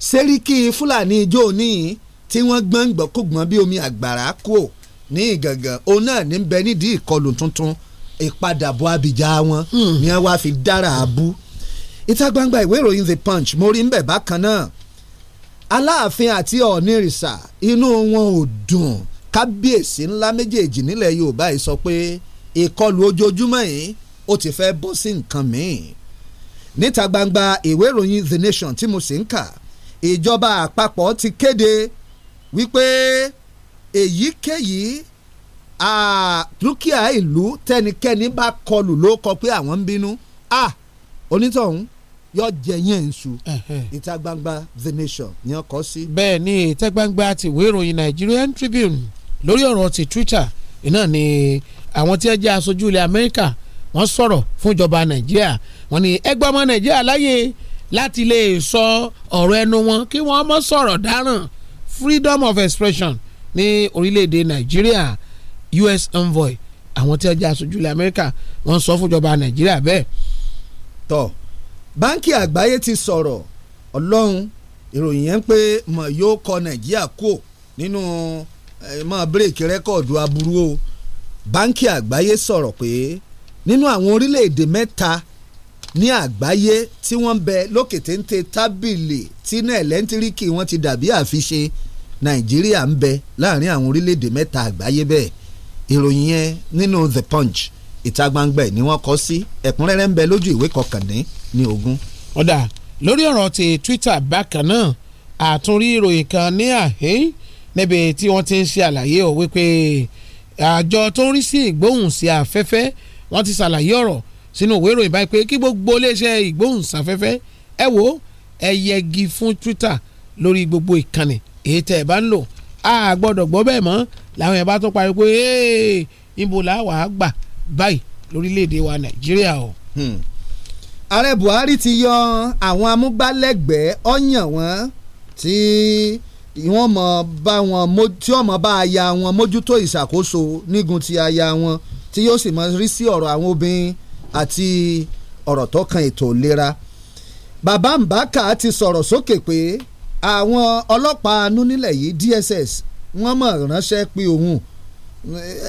sẹ́ríkì fúlàní ijó níyìn tí wọ́n gbọ́ngbọ́n kó gbọ́n bí omi àgbàrá kú ní ìgangan òun náà ní bẹ nídìí ìkọlù tuntun ìpadàbọ̀ abìjà wọn hmm. ni wọ́n wá fi dára abú. ìta gbangba ìwé ìròyìn the punch mo rí nbẹ̀ bákan náà aláàfin àti ọ̀nìrìsà inú wọn ò dùn kábíyèsí ńlá méjèèjì nílẹ̀ yorùbá yìí sọ pé ìkọlù ojoojúmọ́ yìí ó ti fẹ́ bọ́ sí nǹkan míì níta gbangba ìwé ìròyìn the nation tí mo sì ń kà ìjọba àpapọ̀ ti kéde wípé èyíkéyìí dúkìá ìlú tẹnikẹ́ni bá kọlù ló kọ pé àwọn ń bínú onítọ̀hún yọ jẹyìn ẹ̀ǹsù ìta gbangba the nation ni ọkọ sí. bẹ́ẹ̀ ni ìta gbangba ti ìwé ìròyìn Nigerian Tribune lórí ọ̀rọ̀ ti Twitter iná ni àwọn tí ẹ jẹ́ aṣojú ilẹ̀ Amẹ́ríkà wọ́n sọ̀rọ̀ fún ìjọba Nàìjíríà wọ́n ní ẹgbẹ́ ọmọ Nàìjíríà láyè láti lè sọ ọ̀rọ̀ ẹnu wọn kí wọ́n mọ́ sọ̀rọ̀ dáràn freedom of expression ní orílẹ̀-èdè Nàìjíríà US envoy àwọn tí ẹ jẹ́ aṣojú ilẹ̀ Amẹ́ríkà wọ́n sọ fún ìjọba Nàìjíríà bẹ́ẹ̀. tọ́ báńkì àgbáyé ti sọ̀rọ̀ ọlọ́run ìròyìn yẹn pé mọ̀ yóò kọ Nàìjíríà kúò nínú máa break rẹ́kọ̀dù aburú o báńkì àgbáyé sọ̀rọ̀ pé nínú àwọn orílẹ̀-èdè mẹ́ta ní àgbáyé tí wọ́n ń bẹ lókè téńté tábìlì tí náà ẹ̀lẹ́ńtíríkì wọ́n ti dàbí àfiṣe nàìjíríà ń bẹ láàrin àwọn orílẹ̀-èdè mẹ́ta àgbáyé bẹ́ẹ̀ ìròyìn yẹn nínú the punch ìta gbangba ẹ̀ ni wọ́n kọ sí ẹ̀kúnrẹ́rẹ́ ń bẹ lójú ìwé kọkànní ní ogún. ọ̀dà lórí ọ̀rọ̀ ti Twitter bákan náà àtúnrí ìròyìn kan ní àhín níbi tí wọ́n ti ń ṣe àlàyé ọ̀ wípé àjọ tó ń rí sí ìgbóhùn sí afẹ́fẹ́ wọ́n ti ṣàlàyé ọ̀rọ̀ sínú ìwé ìròyìn báyìí pé kí gbogbo iléeṣẹ́ ìgbóhùn sáfẹ́fẹ́ ẹ wo ẹ yẹgi fún Twitter lórí gbogbo ìkànnì èyí tẹ́ ẹ bá ń lò á gbọ́dọ̀ gbọ́ bẹ́ẹ̀ mọ́ làwọn yẹn bá tó parí pé ibo là wà á gbà báyìí lórílẹ̀‐èdè wa Nàìjíríà o. Hmm. ààrẹ Buhari ti yan àwọn amúgbálẹ́gbẹ̀ẹ́ ọ̀yàn wọn tí. Ti wọ́n mọ̀ bá wọn tí wọ́n mọ̀ bá aya wọn mójútó ìṣàkóso nígun ti aya wọn tí yóò sì mọ̀ rí sí ọ̀rọ̀ àwọn obìnrin àti ọ̀rọ̀ tó kan ètò ìlera bàbá mbàkà ti sọ̀rọ̀ sókè pé àwọn ọlọ́pàá nílẹ̀ yìí DSS wọ́n mọ̀ ránṣẹ́ pé òun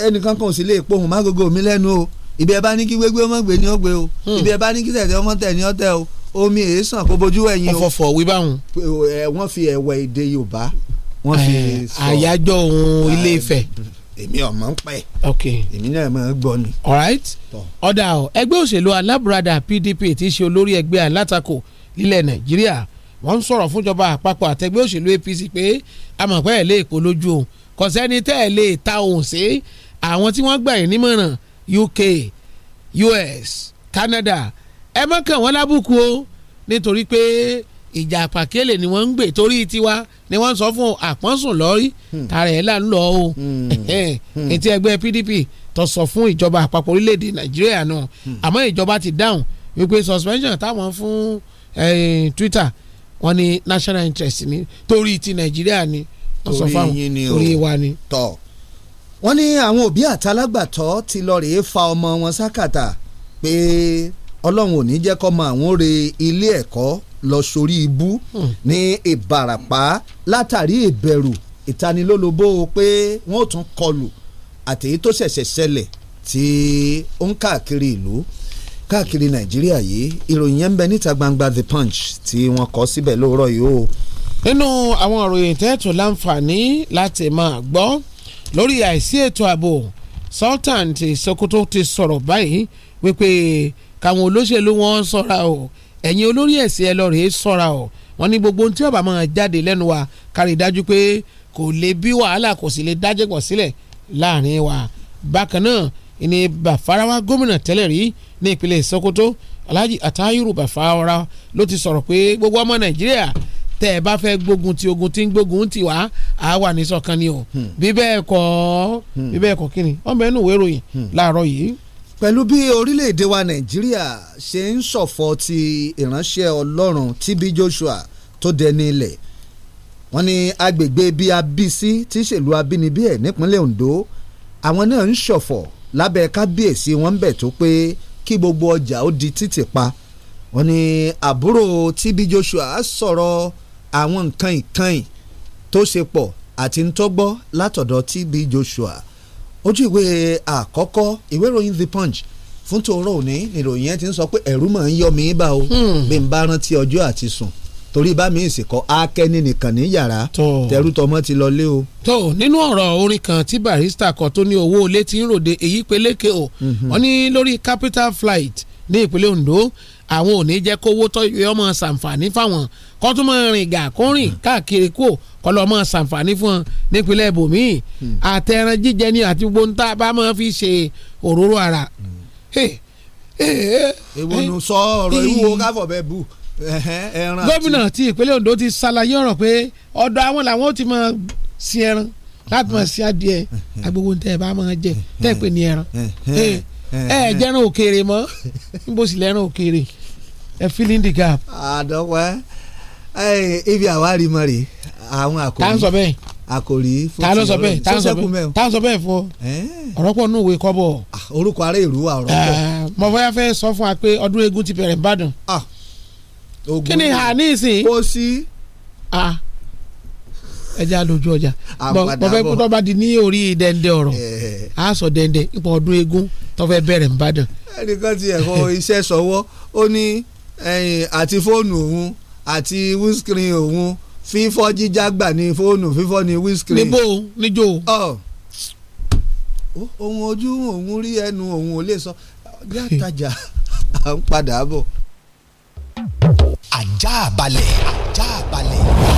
ẹnìkan kan ò sì lè pohùn mágógó mi lẹ́nu o ìbí ẹ bá ní kí gbégbé ọmọ gbé ni ó gbé o ìbí hmm. ẹ bá ní kí tẹ̀tẹ̀ ọmọ tẹ̀ ni ó tẹ̀ o omi èésàn kó bojú ẹ̀yìn o ọ̀fọ̀fọ̀ wí báwọn. wọ́n fi ẹ̀wẹ̀ èdè yorùbá wọ́n fi sọ àyájọ́ ohun ilé Ifẹ̀. èmi ọmọ ń pẹ èmi náà mọ̀ ń gbọ́ ni. alright ọ̀dà ẹgbẹ́ òṣèlú alábùradà PDP ti ṣe olórí ẹgbẹ́ alátakò nílẹ̀ Nàìjíríà wọ́n ń sọ̀rọ̀ fúnjọba àpapọ̀ àtẹgbẹ́ òṣèlú APC pé amọ̀pẹ́ ẹ̀ lè kó lójú òun kọ̀sẹ́ni tẹ́ ẹ̀ lè ta òun sí àwọn tí wọ́n gbà yín nímọ̀ràn UK US Canada ẹ má kàn wọ́n lábùkù o nítorí pé ìjà àpàkélé ni wọ́n ń gbè torí tiwa ni wọ́n ń sọ fún àpọ́nsùn lọ́rí hmm. tààrà ẹ̀ là ń lọ o hmm. [laughs] hmm. etí ẹgbẹ́ PDP tó sọ fún ìjọba àpapọ̀ orílẹ̀-èdè Nàìjíríà náà àmọ́ ìjọba ti dáhùn wípé suspension táwọn fún Twitter wọn ni national interest ni torí ti Nàìjíríà ni wọ́n sọ fáwọn torí wa ni. wọ́n ní àwọn òbí àtàlágbàtọ́ ti lọ rèé fa ọmọ wọn sákàtà pé ọlọ́run ò ní jẹ́ kọ́ mọ àwọn re ilé ẹ̀kọ́ lọ sórí ibú hmm. ní ìbàràpá látàrí ìbẹ̀rù ìtanilólobó pé wọ́n ò tún kọlù àtèyí tó ṣẹ̀ṣẹ̀ ṣẹlẹ̀ tí ó ń káàkiri ìlú káàkiri nàìjíríà yìí ìròyìn yẹn ń bẹ níta gbangba the punch tí wọ́n kọ síbẹ̀ lóòrọ̀ yìí o. nínú àwọn ìròyìn tẹ́ẹ̀tù láǹfààní láti máa gbọ́ lórí àìsí ètò ààbò Sultan ti Sokoto ti sọ̀rọ̀ báyìí wípé káwọn olóṣèlú wọn sọ́ra o ẹ̀yin olórí ẹ̀sìn ẹ lọ rèé sọ́ra o wọ́n ní gbogbo ohun tí ó bá máa jáde lẹ́nu wa kárí dájú pé kò lè bí wàhálà kò sì lè dájẹ́pọ̀ sílẹ̀ láàrin wa bákan náà ìní bàfarawa gómìnà tẹ́lẹ̀ rí ní ìpínlẹ̀ Sokoto Alhaji atayuru Bàfarawa ló ti sọ̀rọ̀ pé gbogbo ọmọ Nàìjíríà tẹ́ ẹ bá fẹ́ gbógun ti ogun tí ń gbógun ti wá á wà ní ṣọ̀kan ni o hmm. bí bẹ́ẹ̀ kọ́ hmm. bí bẹ́ẹ̀ kọ́ kí ni ọmọ ẹnu ìwé ìròyìn hmm. láàárọ̀ yìí pẹ̀lú bí orílẹ̀-èdè wa nàìjíríà ṣe ń ṣọ̀fọ̀ ti ìránṣẹ́ ọlọ́run TB Joshua tó dẹni ilẹ̀ wọ́n ní agbègbè bíi abisi tí ṣèlú abínibí ẹ̀ nípínlẹ̀ Ondo àwọn náà ń ṣọ̀fọ̀ lábẹ́ kábíyèsí wọn ń bẹ̀ tó pé kí gbogbo ọjà ó di títì pa wọ́n ní àbúrò TB Joshua sọ̀rọ̀ àwọn nǹkan ìkànnì tó ṣe pọ̀ àti ń tọ́gbọ́ látọ̀dọ̀ TB Joshua ojú ìwé àkọ́kọ́ ìwé ìròyìn the punch fún tòórọ òní níròyìn yẹn ti ń sọ pé ẹ̀rù mọ̀ ń yọ mí bá o hmm. bí n bá rántí ọjọ́ àti sùn torí bá mi ìsìnkọ́ akẹ́ni nìkan ní yàrá tẹ̀rù tọmọ ti lọ lé o. tó nínú ọ̀rọ̀ orin kan tí barista kan tó ní owó olé ti ń ròde èyí peléke o mhm. wọ́n ní lórí capital flight ní ìpínlẹ̀ Ondo àwọn ò ní jẹ́ kówó tọ́jú ọmọ ṣàǹfààní fáwọn kó tún máa rìn gà kó rìn hmm. káàkiri kó kó lọ máa ṣàǹfààní fún un nípínlẹ̀ ibòmíì hmm. àtẹran jíjẹ ni àti gbogbo nta bá máa fi ṣe òróró ara. Hmm. èwo nu sọ ọ̀rọ̀ ìwúwo káfọ̀ bẹ́ẹ̀ bù gómìnà ti ìpínlẹ̀ Ondo ti ṣàlàyé ọ̀rọ̀ pé ọ̀dọ̀ àwọn làwọn ti máa sin ẹran láti máa sin adìẹ agbègbè tẹ ẹ bá máa jẹ tẹ ẹ pè ní ẹran ẹ ẹ jẹran òkèèrè mọ́ níbo sì lẹ́ran òkèèrè ẹ filling gap. àdọ́wẹ́. Eh, ibi àwárí mọ rè àwọn àkòrí tá n sọ bẹ́ẹ̀ àkòrí fún ti ọ̀rọ̀ yìí sọsẹkù o tá n sọ bẹ́ẹ̀ fún ọ eh. ọ̀rọ̀pọ̀ nù òwe kọ́bọ̀. Ah, orúkọ ará ìlú wa ọ̀rọ̀ eh, mo fẹ́ fẹ́ sọ fún wa pé ọdún eégún ti bẹ̀rẹ̀ nìbàdàn. Ah, kí ni hà ìsìn. kò sí. Ah, ẹja lójú ọjà mo fẹ́ kó tọ́ba di ní orí dẹ́ndẹ́ ọ̀rọ̀ a sọ dẹ́ndẹ́ ipò ọdún eégún tó fẹ́ bẹ̀rẹ̀ nìbàdàn. ẹnìkan ti ẹ̀kọ́ iṣẹ́ sọ́wọ́ ó ní àti fóònù òun àti windscreen òun fífọ́ jíjá gbà ní fóònù fífọ́ ní windscreen. níbo níjó. ohun ojú òun rí ẹnu òun ò lè sọ yàtàjà à ń padà bọ̀. ajá balẹ̀ ajá balẹ̀.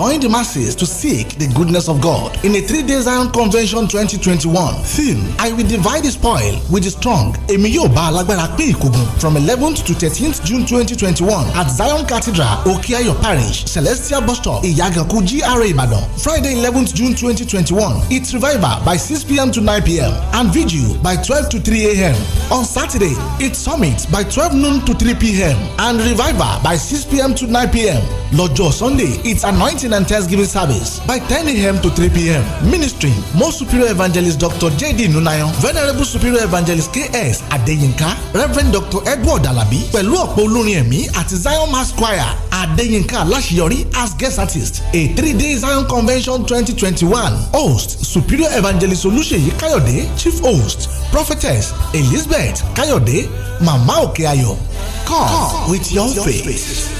join the masses to seek the goodness of God. In a three day Zion Convention 2021 theme, I will divide the spoil with the strong. Èmi yóò bá alágbára pín th from eleventh to June 2021 at Zion Cathedral, Okiayo Parish, Celestial Bus Stop, Iyaganku GRA Ibadan. Friday th June 2021, it's revival by 6 p.m. to 9 p.m. and vigil by 12 to 3 a.m. On Saturday, it's summit by 12 noon to 3 p.m. and revival by 6 p.m. to 9 p.m. Lord Lọ́jọ́ Sunday, it's anointing Thanksgiving and Thanksgiving service by 10 a.m. to 3 p.m. Ministry Most Superior Evangelist Dr. J.D. Nunayan, Venerable Superior Evangelist K.S. Adeyinka, Reverend Dr. Edward Alabi, pẹ̀lú ọ̀pọ̀ olórin ẹ̀mí àti Zion Mass Choir Adeyinka Alasiyori as guest artist. A three-day Zion Convention 2021 host Superior Evangelist Olúṣèyí Kayode, Chief host Prophetess Elizabeth Kayode, Mama Okeayo. Come, Come with your, with your faith. faith.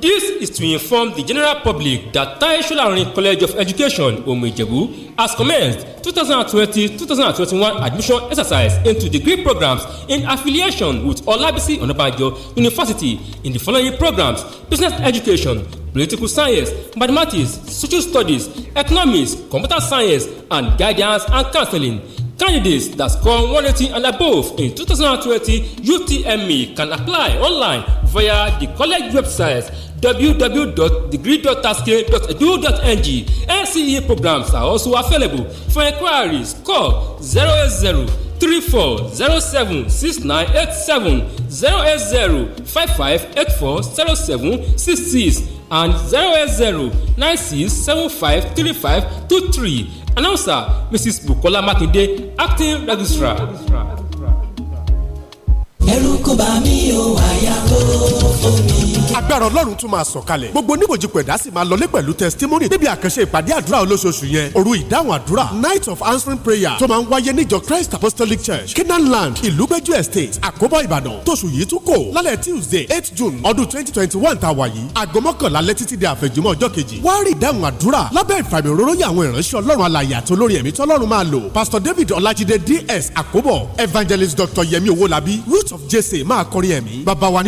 This is to inform the general public that Tai Solarin College of Education, Omijebu, has commenced 2020-2021 admission exercise into degree programs in affiliation with Olabisi Onabanjo University in the following programs: Business Education, Political Science, Mathematics, Social Studies, Economics, Computer Science, and Guidance and Counseling. Candidates that score 180 and above in 2020 UTME can apply online via the college website www.degree.tasking.edu.ng. NCE programs are also available. For inquiries, call 080 34 6987 080 55 84 and zero eight zero nine six seven five three five two three announcer mrs bukola makinde acting registrar. ẹ̀rù kò bá mi ò àyà kó omi agbára ọlọ́run tún máa sọ̀kalẹ̀ gbogbo oníbòjìpọ̀ ẹ̀dá sì máa lọlé pẹ̀lú testimony níbi àkànṣe ìpàdé àdúrà olóṣooṣù yẹn òru ìdáhùn àdúrà night of answering prayer tó máa ń wáyé níjọ christ apostolic church canaan land ìlúgbẹ́jú estate àkóbọ̀ ìbàdàn tóṣù yìí tún kò lálẹ́ tuesday eight june ọdún twenty twenty one tá a wà yìí aago mọ́kànlá lẹ́ títí di àfẹ̀jùmọ́ ọjọ́ kejì wá rí ìdáhùn àdúrà lábẹ́ ìfàmìróròyìn pastor david ọlájídé ds àkóbọ̀ evangelist dr yemi owolabi root of jesse máa kọrin ẹ̀mí bàbá wa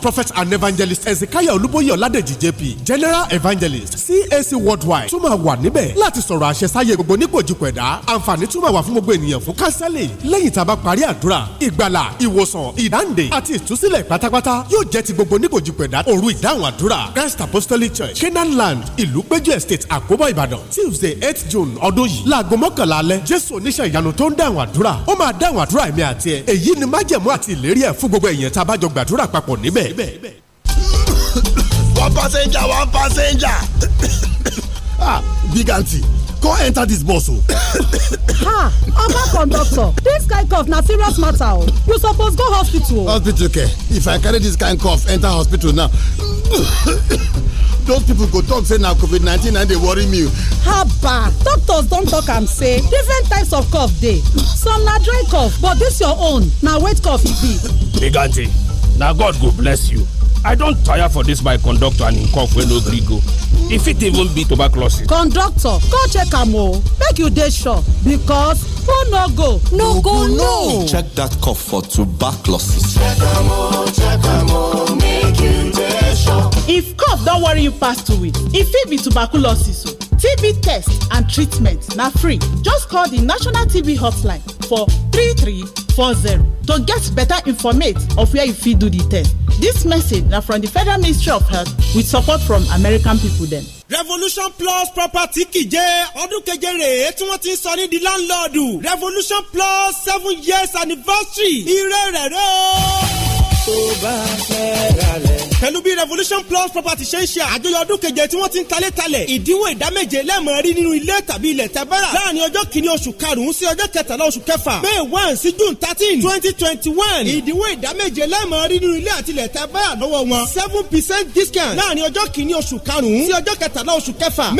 prophet and evangelist evangelist ezekiah olúbóyè ọ̀ládèjì jp general evangelist cac worldwide tún máa wà níbẹ̀ láti sọ̀rọ̀ àṣẹ sáyé gbogbo nípòjìpọ̀ ẹ̀dá àǹfààní tún máa wà fún gbogbo ènìyàn fún kánsẹ́lì lẹ́yìn tá a bá parí àdúrà ìgbàlà ìwòsàn ìdáǹdè àti ìtúsílẹ̀ pátápátá yóò jẹ́ ti gbogbo nípòjìpọ̀ ẹ̀dá òru ìdáhùn àdúrà christ apostolic church canaan land estate àkóbọ̀ ìbàdàn tuesday eight june ọdún yìí láago mọ́kànlá alẹ́ jésù oníṣẹ́ ìyanu tó ń dáhùn àdúrà ó máa dáhùn àdúrà ẹ̀mí àti one passenger one passenger [coughs] ah big aunty come enter this bus o. [coughs] Ah, ha oga conductor dis kain cough na serious matter o you suppose go hospital. hospital care if i carry dis kain cough enter hospital now [coughs] those people go talk say na covid nineteen na dey worry me. haba doctors don talk am say different types of cough dey some na dry cough but dis your own na wet cough e be. big aunty na god go bless you i don tire for this, my conductor and im cough wey no gree go e fit even be tuberculosis conductor go check am o make you dey sure because phone no go no go no check dat cough for tuberculosis check am o check am o make you dey sure if cough don worry you pass two weeks e fit be tuberculosis o TB test and treatment na free. Just call the National TB Hotline for 3340 to get better informate of where you fit do the test. This message na from the Federal Ministry of Health with support from American people dem. revolution plus property kìjẹ́ ọdún keje rèé tí wọ́n ti ń sọ ní di láńlọ́ọ̀dù revolution plus seven years anniversary ire rẹ̀ rẹ̀ o tó pẹ̀lú bí revolution plus property ṣe ń ṣe àjọyọ̀ ọdún keje tí wọ́n ti ń talé talẹ̀ ìdínwó ìdá méje lẹ́ẹ̀mọ́ rí nínú ilé tàbí ilẹ̀ tẹ́bẹ́rà láàrin ọjọ́ kìíní oṣù karùn-ún sí ọjọ́ kẹtàlá oṣù kẹfà may one sí june thirteen twenty twenty one ìdínwó ìdá méje lẹ́ẹ̀mọ́ rí nínú ilé àti ilẹ̀ tẹ́bẹ́rà lọ́wọ́ wọn seven percent discount láàrin ọjọ́ kìíní oṣù karùn-ún sí ọjọ́ kẹtàlá oṣù kẹfà